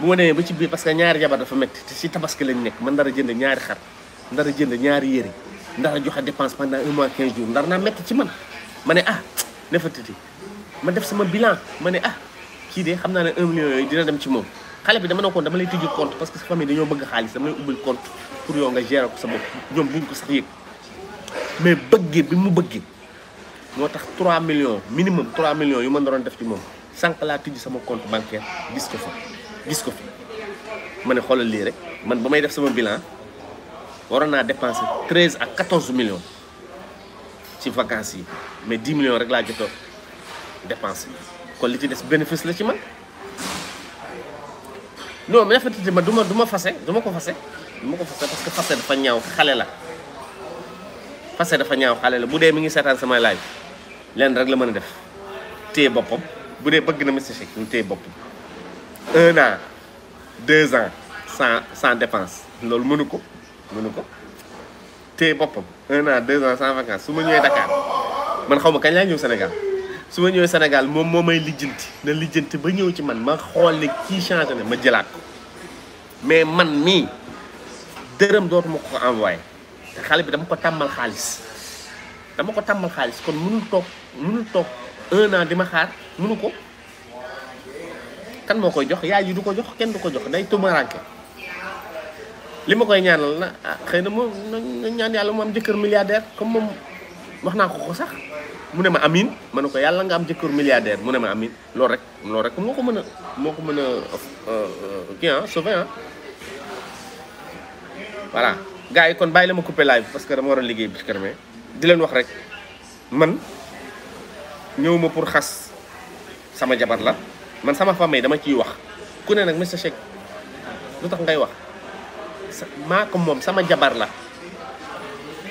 bu ma demee ba ci biir parce que ñaari jabar dafa métti si tabaski lañ nekk man dara jënd ñaari xar ndara jënd ñaari yére ndara joxe dépense pendant un mois 15 jours ndara naa métti ci man ma ne ah nefatiti ma def sama bilan ma ne ah kii de xam naa ne un million yooyu dina dem ci moom xalé bi dama ne ko dama lay tuju compte parce que sa famille dañoo bëgg xaalis dama lay ubbil compte pour yow nga gérer ko sa bop ñom buñ ko sax yépp mais bëggee bi mu bëggee motax 3 millions minimum 3 millions yu ma doon def ci mom sank la tuju sama compte bancaire gis ko fa gis ko fi mané xolal li rek man bamay def sama bilan waroon naa dépenser 13 à 14 millions ci vacances yi mais 10 millions rek la jot a dépenser kon li ci dess bénéfice la ci man. loolu mais nefertiti ma du ma du ma fase du ko fase du ko fase parce que fase dafa ñaaw xale la fase dafa ñaaw xale la bu dee mi ngi seetaan samay live lenn rek la mën a def téye boppam bu dee bëgg na Mister Shake ñu téye boppam un an deux ans sans sans dépense loolu mënu ko mënu ko téye boppam un an deux ans sans vacances su ma ñëwee Dakar man xaw ma kañ laa ñëw Sénégal suma ma Sénégal mom momay lijeenti na lijeenti ba ñëw ci man ma xol ni ki changé na ma jëlat ko mais man mi deureum dootuma mako envoyer envoyé te bi dama ko tamal xaliss dama ko tamal xaliss kon mënul tok mënul tok 1 an dima xaar mënu ko kan moo koy jox yaay yi du ko jox kenn du ko jox day tumaranke li ma koy ñaanal na ah xeyna mo ñaan yalla mo am jëkkër milliardaire comme mom waxna ko ko sax mu ne ma amin ma ne ko yàlla nga am jëkkër milliardaire mu ne ma amin loolu rek loolu rek moo ko mën a moo ko mën a euh, euh, kii ah sauvé ah voilà gars yi kon bàyyi la ma coupé live parce que dama waroon liggéey bi ci di leen wax rek man ñëw pour xas sama jabar la man sama famille dama ciy wax ku ne nag monsieur Cheikh lu tax ngay wax ma ko moom sama jabar la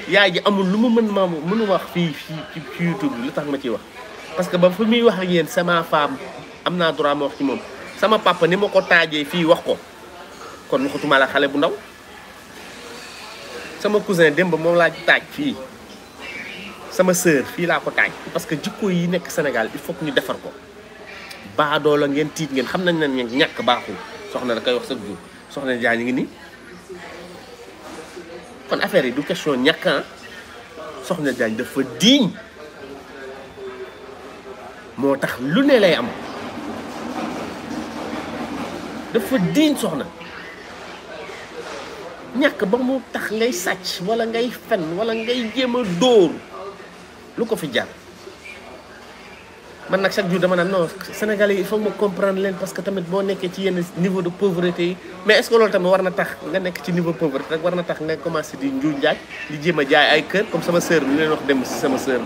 yaay ji amul lu mu mën ma mënu wax fii fii ci YouTube lu tax ma ciy wax parce que ba fu muy wax ak yéen sama femme am naa droit ma wax ci moom sama papa ni ma ko taajee fii wax ko kon xatuma la xale bu ndaw sama cousin démb moom laa taaj fii sama sœur fii laa ko taaj parce que jikko yi nekk Sénégal il faut ñu defar ko baadoo la ngeen tiit ngeen xam nañ ne ñàkk baaxul soxna da koy wax sa jur soxna jaa ñu ngi nii kon affaire yi du question ñàkk soxna Diagne dafa diiñ moo tax lu ne lay am dafa diiñ soxna ñàkk ba mu tax ngay sàcc wala ngay fen wala ngay jéem a lu ko fi jar man nag chaque jour dama naan non Sénégalais yi il faut ma comprendre leen parce que tamit boo nekkee ci yenn niveau de pauvreté yi mais est-ce que loolu tamit war na tax nga nekk ci niveau pauvreté rek war na tax nga commencé di njuuj njaaj di jéem a jaay ay kër comme sama sœur bi li leen wax dem si sama sœur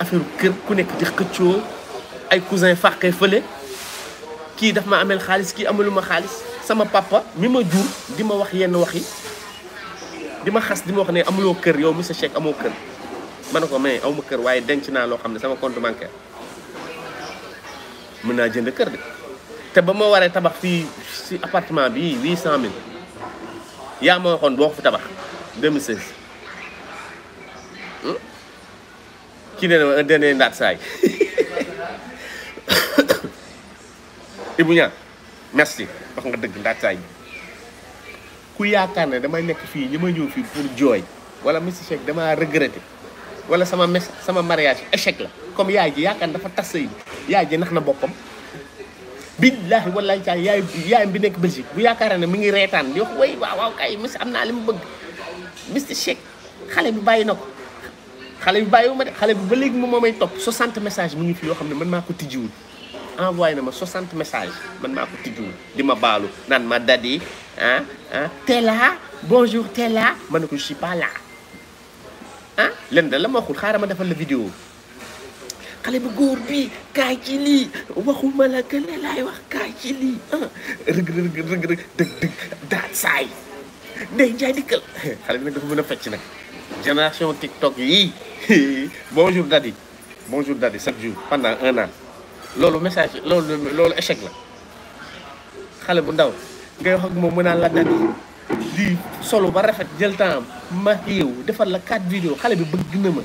affaire kër ku nekk di xëccoo ay cousin fàqee fële kii daf ma amel xaalis kii amaluma xaalis sama papa mi ma jur di ma wax yenn wax yi di ma xas di ma wax ne amuloo kër yow monsieur Cheikh amoo kër ma ne ko mais aw ma kër waaye denc naa loo xam ne sama compte bancaire mën naa jënd kër de te ba ma waree tabax fii si appartement bi 800000 yaa ma waxoon boo ko fi tabax 2016 hmm? kii nee na ma un dernier ndaat saay Ibou Niang merci wax nga dëgg ndaat saay ku yaakaar ne damay nekk fii ñi ma ñëw fii pour jooy wala miss Shake damaa regretter wala sama mes sama mariage échec la comme yaay ji yaakaar dafa tas sëy bi yaay ji nax na boppam billaahi wallaahi caa yaay yaayam bi nekk Belgique bu yaakaar ne mi ngi reetaan di wax way waaw waaw kay mis am naa li mu bëgg Mister Shake xale bi bàyyi na ko xale bi bàyyiwu ma xale bi ba moo may topp 60 message mu ngi fi yoo xam ne man maa ko tijjiwul envoyé na ma 60 message man maa ko tijjiwul di ma baalu naan ma dadi ah ah t'es bonjour t'es là ma ne ko je suis pas là ah, da la ma waxul xaaral ma defal la vidéo xale bu góor bi kaay ci lii waxuma la que ne laay wax kaay ci lii ah rëg rëg rëg rëg dëg dëg daal saay day njaay dikkal xale bi nag dafa mën a fecc nag génération tiktok yi bonjour daddy bonjour daddy chaque jour pendant un eh, an loolu message loolu loolu échec la xale bu ndaw ngay wax ak moom mu naan la daddy di solo ba rafet jël temps ma yow defal la quatre vidéo xale bi bëgg na ma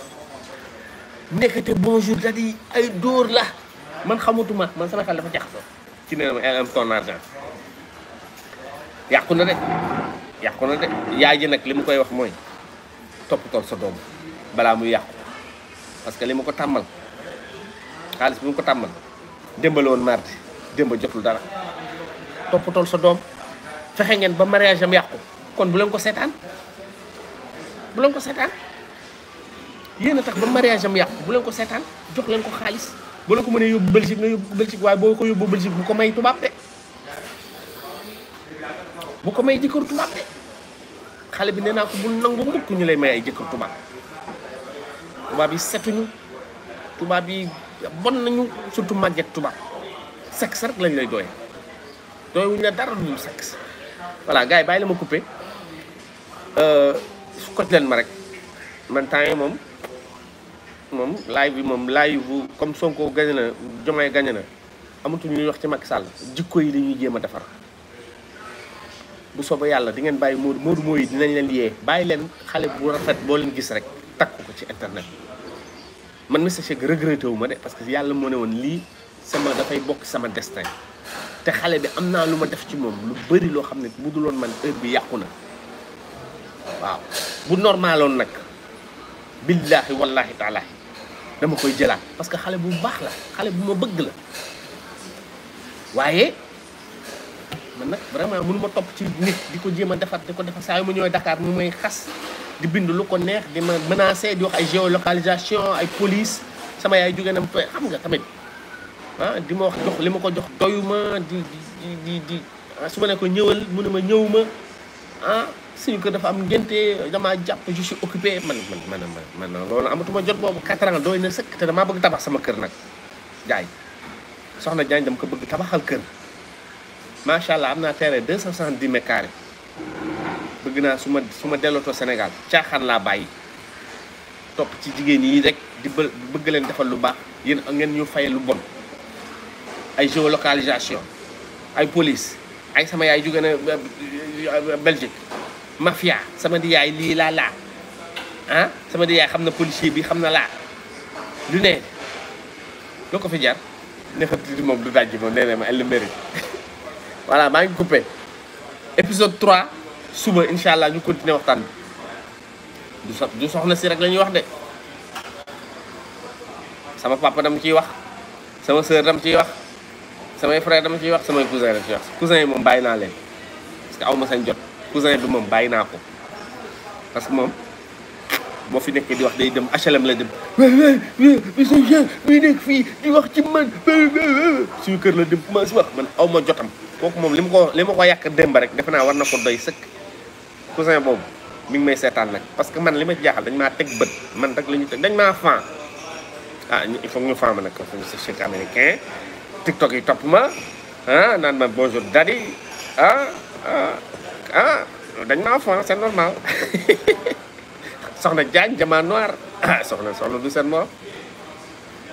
nekkate bonjour da di ay dóor la man xamutuma man sama xel dafa jaxasoo ci nee na ma elle aime ton yàqu na de yàqu na de yaay ji nag li mu koy wax mooy toppatoo sa doom balaa muy yàqu parce que li ma ko tàmbal xaalis bi mu ko tàmbal démbale woon mardi démba jotul dara toppatoo sa doom fexe ngeen ba mariage am yàqu kon bu leen ko seetaan bu leen ko seetaan yéen tax ba mariage am yàqu bu len ko setan jox len ko xaalis bu len ko meune yóbbu belgi nga yóbbu belgi way bo ko yóbbu belgi bu ko may tubab de bu ko may jëkkër tubab de xale bi neena naa ko bul nangu mukk ñu lay may ay jëkkër tubab tubab bi setuñu tubab bi bon nañu surtout màgget tubab sexe rek lañ lay doy doy wuñ la dara ñu sexe voilà gaay yi la ma couper euh ko len ma rek man temps mom moom live bi moom live bu comme Sonko gañe na Diomaye gañe na amatuñu ñuy wax ci Macky Sall jikko yi la ñuy jéem a defar bu soobee yàlla di ngeen bàyyi Modou Modou mooy dinañ leen yee bàyyi leen xale bu rafet boo leen gis rek takku ko ci internet man Mister Shake regretté wu ma de parce que yàlla moo ne woon lii sama dafay bokk sama destin te xale bi am naa lu ma def ci moom lu bëri loo xam ne bu duloon man heure bi yàqu na waaw bu normaloon nag billaahi wallaahi taalaahi dama koy jëlat parce que xalé bu baax la xalé bu ma bëgg la wayé man nak vraiment mënu ma topp ci nit di jëma défat diko défa di ko defar Dakar mu may xass di bind lu ko neex di ma menacer di wax ay géolocalisation ay police sama yaay jógee na xam nga tamit ah di ma wax jox lima ko jox doyuma di di di di su ne ko ñëwal mu ma ah suñu ko dafa am ngénte dama japp je suis occupé man man man man man loolu amatuma jot bobu quatre ans doy na sëkk te bëgg tabax sama kër nak jaay soxna jaay dama ko bëgg tabaxal kër sha allah amna téré 270 mètres carrés bëgg na suma suma déloto Sénégal caaxaan la bayyi top ci jigéen yi rek di bëgg leen defal lu baax yeen ngeen ñu fay lu bon ay géolocalisation ay police ay sama yaay jóge na Belgique mafia sama di yaay lii laa laa ah sama di yaay xam na policier bi xam na laa lu ne loo ko fi jar nefatidi moom du dajji moom nee ma elle mérite voilà baa ngi coupé épisode 3 suba incha allah ñu ko continuer waxtaan bi du soxna si rek la ñuy wax de sama papa ciy wax sama sœur dam ciy wax samay frère dama ciy wax samay cousin dama ciy cousin yi moom bàyyi naa leen parce que aw ma seen jot cousin bi mom bayina ko parce que mom bo fi nekkee di wax day dem HLM la dem monsieur Jean muy nekk fi di wax ci man suñu keur la dem commencé wax man awma jotam kok mom lim ko lim ko yak démb rek defena naa war na ko doy seuk cousin bob mi ngi may setan nak parce que man lima jaxal jaaxal dañ maa teg bët man rek lañu tek teg dañ maa fan ah il faut ñu fan ko ci chek américain tiktok yi top ma ah nan ma bonjour daddy ah ah ah dañ maa fon normal soalnya jangan jama noir soxna soxna du mau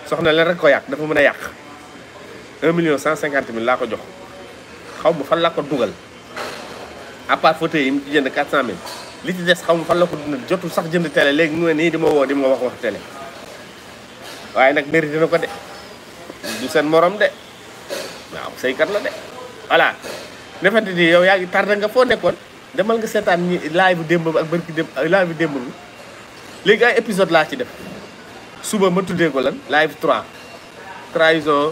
soalnya lera koyak, rek mana yàq dafa mën a yàq 1 million 150 mille laa ko jox xaw ma fan laa ko dugal à part fauteuil yi mu ci jënd 400 mille li ci des xaw ma fan la ko dundal jotul sax jënd télé di ma di ma wax wax télé waaye nag mérité na ko de du seen morom de waaw saykat la de voilà defante ni yow yaa ngi tardé nga foo nekkoon demal nga seetaan ñi live démb bi ak barki démb live démb bi léegi ay épisode laa ci def suba ma tuddee ko lan live 3 trahison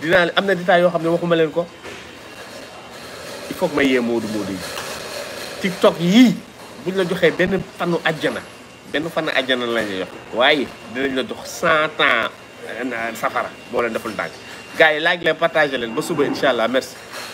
dinaa am na détails yoo xam ne waxuma leen ko il faut que ma yee moodu moodu yi tiktok yii buñ la joxee benn fanu ajjana benn fanu ajjana lañ la jox waaye dinañ la jox cent ans euh, safara boo leen deful ndànk gars yi laaj leen partagé leen ba suba incha allah merci